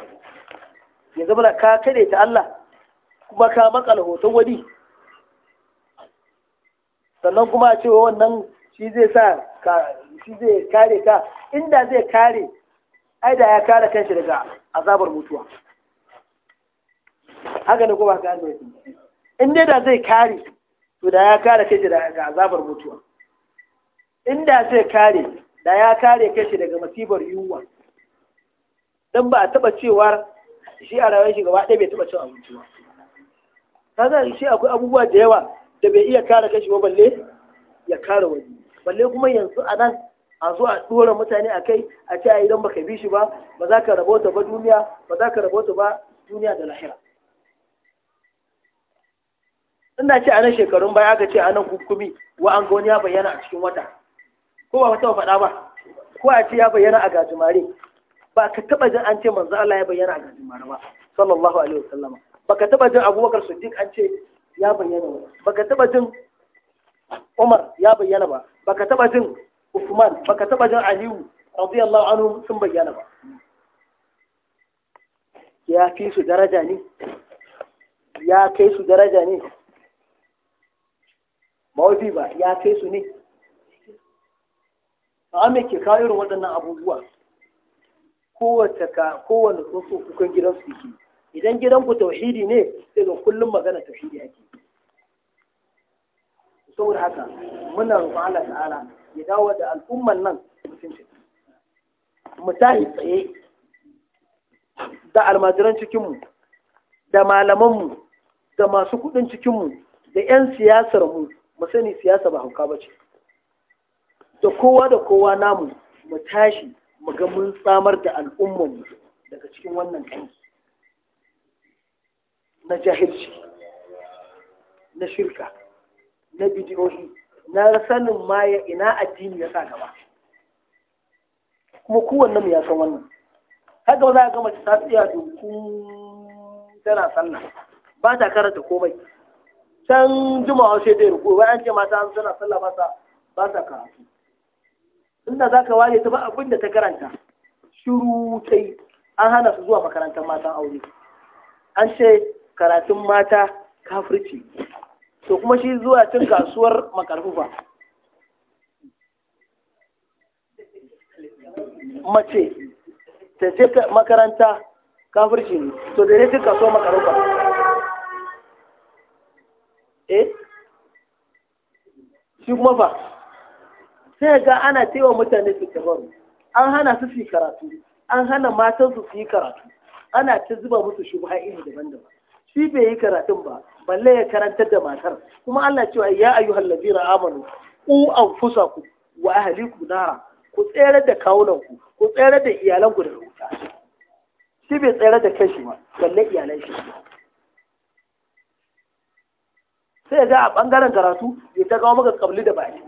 su ya zama ka kare ta Allah kuma ka makala hoton wani sannan kuma a cewa wannan shi zai sa shi zai kare ka inda zai kare ai da ya kare kanshi daga azabar mutuwa haka ne kuma ka in dai da zai kare to da ya kare kanshi daga azabar mutuwa inda zai kare da ya kare kanshi daga masibar yunwa dan ba a taba cewa shi a rayuwar shi gaba ɗaya bai taba cin abinci ba kaga shi akwai abubuwa da yawa da bai iya kare kashi ba balle ya kare wani balle kuma yanzu a nan a zo a dora mutane a kai a ce a idan baka bi shi ba ba za ka rabota ba duniya ba za ka rabota ba duniya da lahira ina ce a nan shekarun baya aka ce a nan hukumi wa an ga wani ya bayyana a cikin wata ko ba wata faɗa ba ko a ce ya bayyana a gajimare ba ka taba jin an ce manzo Allah ya bayyana a gajin ba sallallahu alaihi wasallama ba ka taba jin abubakar siddiq an ce ya bayyana ba ba ka taba jin umar ya bayyana ba ba ka taba jin usman ba ka taba jin aliyu radiyallahu anhu sun bayyana ba ya fi su daraja ne ya kai su daraja ne mawufi ba ya kai su ne a me ke kawo irin waɗannan abubuwa kowace ka kowane tsuntsu kukan su yake idan gidan ku tauhidi ne sai ga kullum magana tauhidi ake saboda haka muna roƙon Allah ta'ala ya dawo da al'umman nan mutunci mu tahi tsaye da almajiran cikinmu da malamanmu da masu kuɗin cikinmu da 'yan siyasar mu mu sani siyasa ba hauka ba ce da kowa da kowa namu mu tashi mu ga mun samar da al'ummarmu daga cikin wannan kanki na jahilci na shirka na bidiyoyi na sanin ma ya ina addini ya sa gaba kuma kowanne mu ya san wannan haka za a ga mace ta tsaya dokun tana sallah ba ta karanta komai can juma'a sai dai rukuwa bayan ce mata an suna sallah ba sa karatu inda za ka ware ta ba abin da ta karanta shiru ta yi an hana su zuwa makarantar matan aure an ce karatun mata kafirci to kuma shi zuwa cin kasuwar makarfufa mace ta ce makaranta kafirci ne to da ne cin kasuwar makarfufa eh shi kuma ba sai ga ana cewa mutane su faru, an hana su su karatu an hana matan su su yi karatu ana ta zuba musu shubha iri daban-daban shi bai yi karatun ba balle ya karantar da matar kuma Allah cewa ya ayyuhal ladina amanu ku anfusakum wa ahlikum nara ku tsere da kawunanku ku tsere da iyalanku da wuta shi bai tsere da kashi ba balle iyalan shi sai ga a bangaren karatu ya ta kawo maka kabli da baki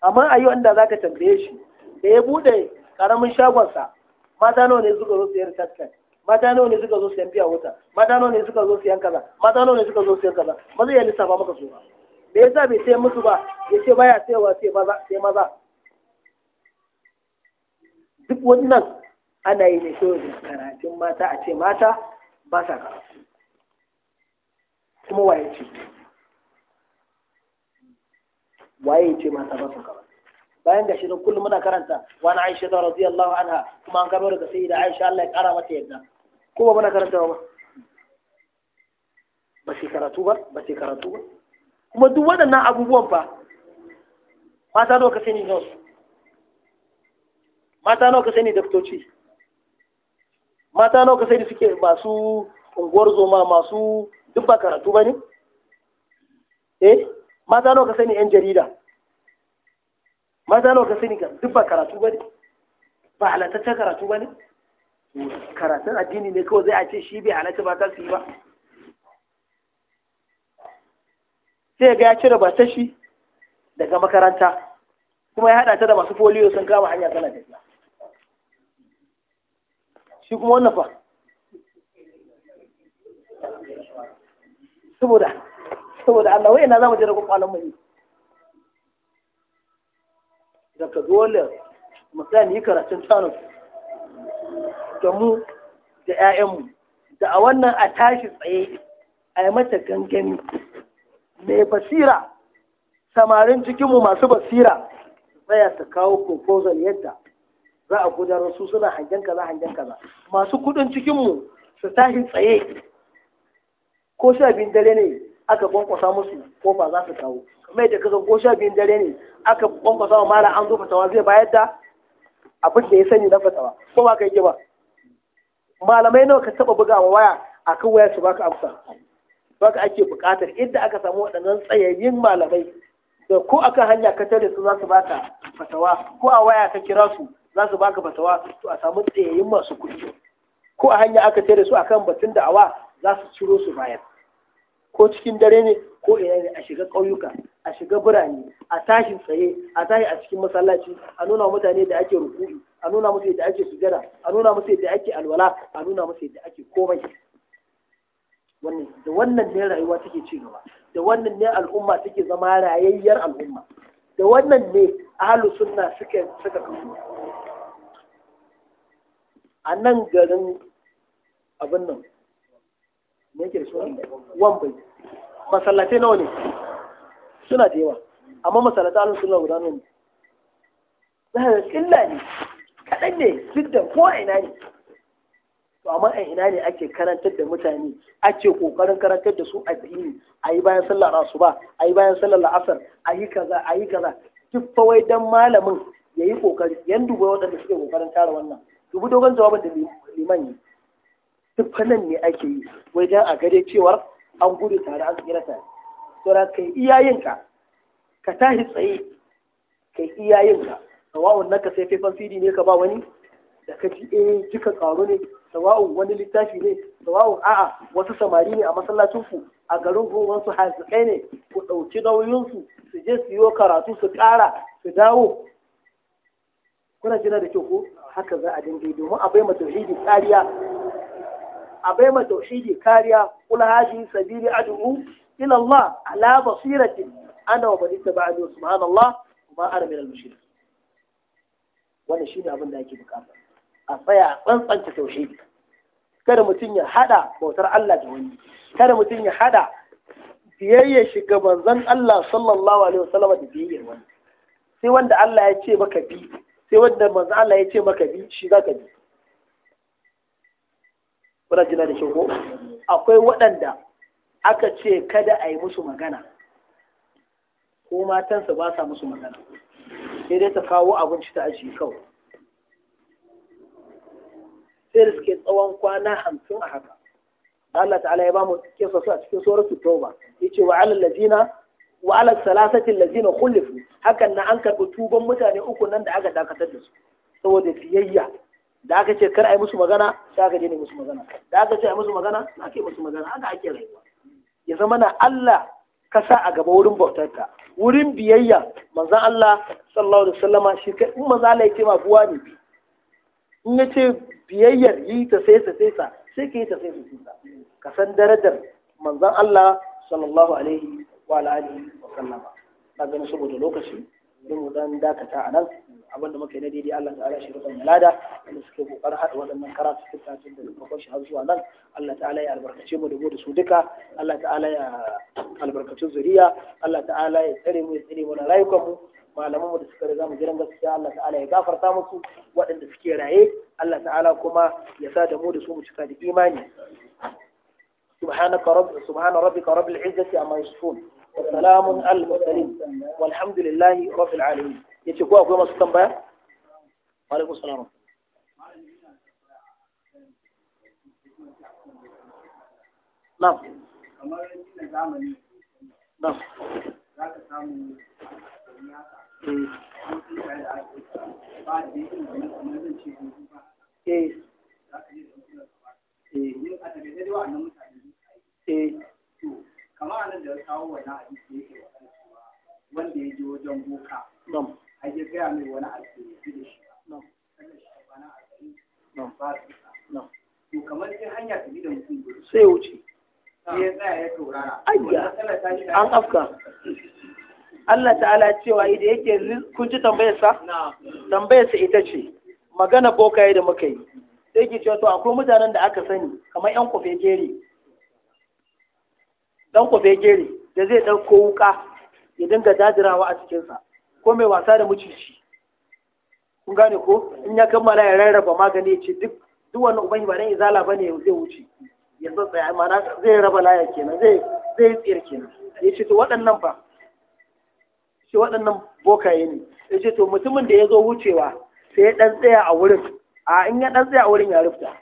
amma a yi wanda za ka tambaye shi da ya bude karamin shagonsa mata nawa ne suka zo siyar tattalin mata nawa ne suka zo siyan biya wuta mata nawa ne suka zo siyan kaza mata nawa ne suka zo siyan kaza ba zai iya lissafa maka su ba me yasa bai sai musu ba ya ce baya sayawa sai maza sai maza duk wannan ana yi ne kawai karatun mata a ce mata ba sa karatu kuma waye ce waye ce mata ba su kawai bayan gashi nan kullum muna karanta wa na Aisha radiyallahu anha kuma an karbo daga sayyida Aisha Allah ya kara mata yadda ko ba muna karanta ba ba sai karatu ba ba sai karatu ba kuma duk waɗannan abubuwan fa mata nawa ka sani nurse mata nawa ka sani daktoci mata nawa ka sani suke masu unguwar zoma masu duk ba karatu ba ne eh mata nawa ka sani yan jarida mata nawa ka sani ka duk ba karatu ba ne ba halattaccen karatu ba ne karatun addini ne kawai zai a ce shi bai halatta ba ta su yi ba sai ga ya cire batar shi daga makaranta kuma ya haɗa ta da masu foliyo sun kama hanya tana tafiya shi kuma wannan fa saboda saboda Allah wai ina za mu jira da kwanan mu daga dole mu tsaya mu yi karatun tsarin da mu da 'ya'yanmu da a wannan a tashi tsaye a yi mata gangami mai basira samarin cikinmu masu basira tsaya ta kawo proposal yadda za a gudanar su suna hangen kaza hangen kaza masu kudin cikinmu su tashi tsaye ko sha biyun dare ne aka kwankwasa musu kofa za su kawo kamar yadda kasan ko sha biyun dare ne aka kwankwasa wa mala an zo fatawa zai bayar da abin da ya sani na fatawa ko ba ka yi ba malamai nawa ka taba buga waya a kan waya su baka amsa baka ake buƙatar inda aka samu waɗannan tsayayyun malamai da ko akan hanya ka tare su za su baka fatawa ko a waya ka kira su za su baka fatawa to a samu tsayayyun masu kuɗi ko a hanya aka tare su akan batun da'awa za su ciro su bayar ko cikin dare ne ko ina ne a shiga ƙauyuka a shiga birane a tashin tsaye a tashi a cikin masallaci a nuna mutane da ake rukuni a nuna musu yadda ake sujada a nuna musu yadda ake alwala a nuna musu yadda ake komai wannan da wannan ne rayuwa take ci gaba da wannan ne al'umma take zama rayayyar al'umma da wannan ne ahlu sunna suka suka kafu a nan garin abin nan me yake da shi wambai masallatai nawa ne suna da yawa amma masallatai alun suna guda nawa ne zaka killa ne kaɗan ne duk da ko ina ne to amma a ina ne ake karantar da mutane ake kokarin karantar da su addini a yi bayan sallar asuba a yi bayan sallar la'asar a yi kaza a yi kaza duk fawai dan malamin ya yi kokari yan duba waɗanda suke kokarin tara wannan dubu dogon jawabin da liman yi duk fannin ne ake yi wajen a gare cewar an gudu tare an tsira tare saboda kai iyayenka ka tashi tsaye kai iyayenka sawa'un ka sai faifan fidi ne ka ba wani da ka ji eh kika tsaro ne sawa'un wani littafi ne sawa'un a'a wasu samari ne a masallacin ku a garin ku wasu hazikai ne ku ɗauki nauyinsu su su je su yi karatu su ƙara su dawo kuna jira da kyau ko haka za a dinga domin a bai ma a bai ma tauhidi kariya kula haji sabili adu ila Allah ala basiratin ana wa bani tabani subhanallah kuma ana min al-mushrik wannan shine abin da ake bukata a tsaya tsantsanta tauhidi kada mutum ya hada bautar Allah da wani kada mutum ya hada biyayyar shiga manzon Allah sallallahu alaihi wasallam da biyayyar wani sai wanda Allah ya ce maka bi sai wanda manzon Allah ya ce maka bi shi zaka bi kuna jina da shigo? akwai waɗanda aka ce kada a yi musu magana ko matansa ba sa musu magana sai dai ta kawo abinci ta ajiye kawai sai da suke tsawon kwana hamsin a haka Allah ta'ala ya ba mu kisa su a cikin toba ya yace wa alal salasatin wa alal salasatin lazina hakan na an karɓi tuban mutane uku nan da aka dakatar da su saboda fiyayya da aka ce kar a yi musu magana sai aka je ne musu magana da aka ce a yi musu magana sai aka yi musu magana haka ake rayuwa ya zama na Allah ka sa a gaba wurin bautarka wurin biyayya manzan Allah sallallahu alaihi wasallam shi kai in manzon Allah yake ma buwa ne bi in yace biyayyar yi ta sai ta sai ta sai ke yi ta sai ta ka san darajar manzan Allah sallallahu alaihi wa alihi wa sallama na ganin saboda lokaci mu dan dakata a nan abinda muka yi na daidai Allah ta'ala shi rufin lada wanda suke kokarin haɗa waɗannan karatu tattacin da farkon shi har zuwa nan Allah ta'ala ya albarkace mu da mu da su duka Allah ta'ala ya albarkace zuriya Allah ta'ala ya tsare mu ya tsare mu na rayukan mu malaman mu da suka riga mu gidan gaskiya Allah ta'ala ya gafarta musu waɗanda suke raye Allah ta'ala kuma ya sa da mu da su mu cika da imani سبحانك رب سبحان ربك رب العزة عما يصفون وسلام على المرسلين والحمد لله رب العالمين ya ce ko akwai masu tambaya? alaikun salamu Nam. nan eh eh, eh. kamar nan da kawo wani wanda ya je wajen boka har ya gaya mai wani asiri da shi to kamar sai hanya ta bi mutum sai wuce ya tsaya ya taurara ayya an afka Allah ta'ala cewa idan yake kun ji tambayarsa? Tambayarsa ita ce, magana bokaye da muka yi. Sai ke cewa to akwai mutanen da aka sani, kamar 'yan kwafe gere. Dan kwafe gere da zai ɗauko wuka ya dinga dajirawa a cikinsa. ko mai wasa da mucici kun gane ko in ya kammala ya rarraba magani ya ce duk duk wannan ubangi ba dan izala bane zai wuce ya tsaya mana zai raba laya kenan zai zai tsir kenan ya ce to waɗannan fa shi waɗannan bokaye ne ya ce to mutumin da ya zo wucewa sai ya ɗan tsaya a wurin a in ya ɗan tsaya a wurin ya rufta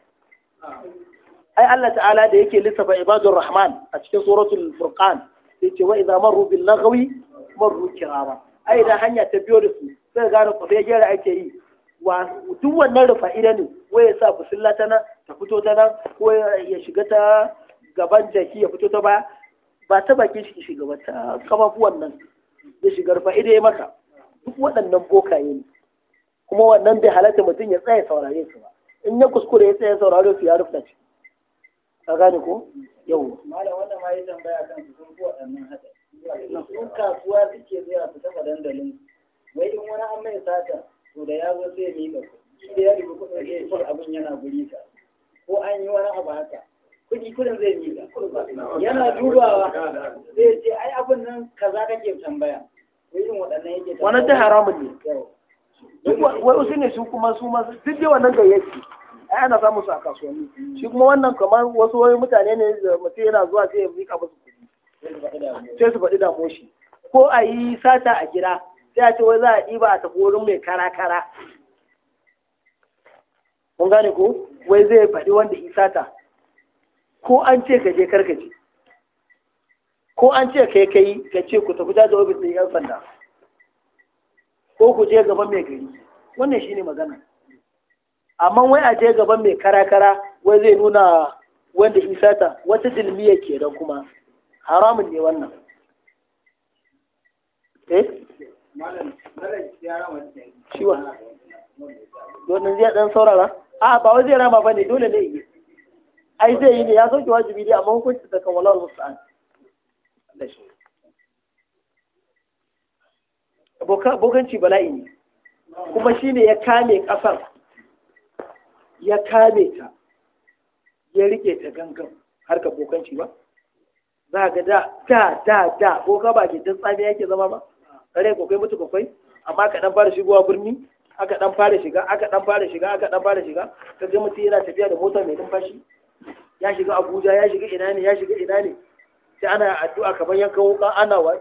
ai Allah ta'ala da yake lissafa ibadur rahman a cikin suratul furqan sai ce wa idza marru bil lagwi marru kirama ai idan hanya ta biyo da su sai gane kwafe gera ake yi wa duk wannan rufa ida ne ko ya sa Fusilla ta nan ta fito ta nan ko ya shiga ta gaban jaki ya fito ta baya ba ta bakin shi shiga ba ta kafafuwan nan ya shiga rufa ida ya maka duk waɗannan bokaye ne kuma wannan bai halatta mutum ya tsaya saurare su ba in ya kuskure ya tsaya saurare su ya rufa shi. ka gane ko yau malam wannan ma yi tambaya kan su sun waɗannan haɗari in kasuwa suke zuwa su kafa dandalin wai in wani an mai sata to da ya zo sai ya miƙa shi da ya riga kuɗin zai ce abin yana guri ka ko an yi wani abu haka kuɗi kuɗin zai miƙa yana dubawa zai ce ai abin nan kaza kake tambaya irin waɗannan yake tambaya. wannan ta haramun ne wai usu ne su kuma su ma duk da wannan gayyaki ai ana samun su a kasuwanni shi kuma wannan kamar wasu wani mutane ne da mutum yana zuwa sai ya miƙa musu kuɗi sai su faɗi damuwar shi ko a yi sata a gida sai a ce wai za a ɗiba a tafi wurin mai kara kara kun gane ko wai zai faɗi wanda yi sata ko an ce ka je karkace ko an ce kai kai ka ce ku tafi da ofis ɗin yan sanda ko ku je gaban mai gari wannan shine magana amma wai a je gaban mai kara kara wai zai nuna wanda isata wata dilmiya ke kuma haramun ne wannan eh ciwon wannan zai dan saurara a ba wai zai rama ne, dole ne yi ai zai yi ne ya sauke wajibi ne amma hukunci da kan wasu musta'an bokanci bala'i ne kuma shi ne ya kame ƙasar, ya kame ta ya rike ta gangan ka bokanci ba za ga da da da da ko ka ba ke tsami yake zama ba kare ko kai mutu kai amma ka dan fara shigowa birni aka dan fara shiga aka dan fara shiga aka dan fara shiga ka ga mutu yana tafiya da mota mai numfashi ya shiga Abuja ya shiga ina ne ya shiga ina ne sai ana addu'a kamar kawo wuka ana wa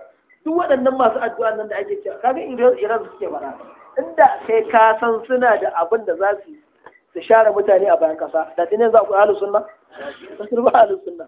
duk waɗannan masu addu'a nan da ake cewa kaga iran suke bara inda kai ka san suna da abin da za su su share mutane a bayan kasa da tinin za ku halu sunna ba ahlus sunna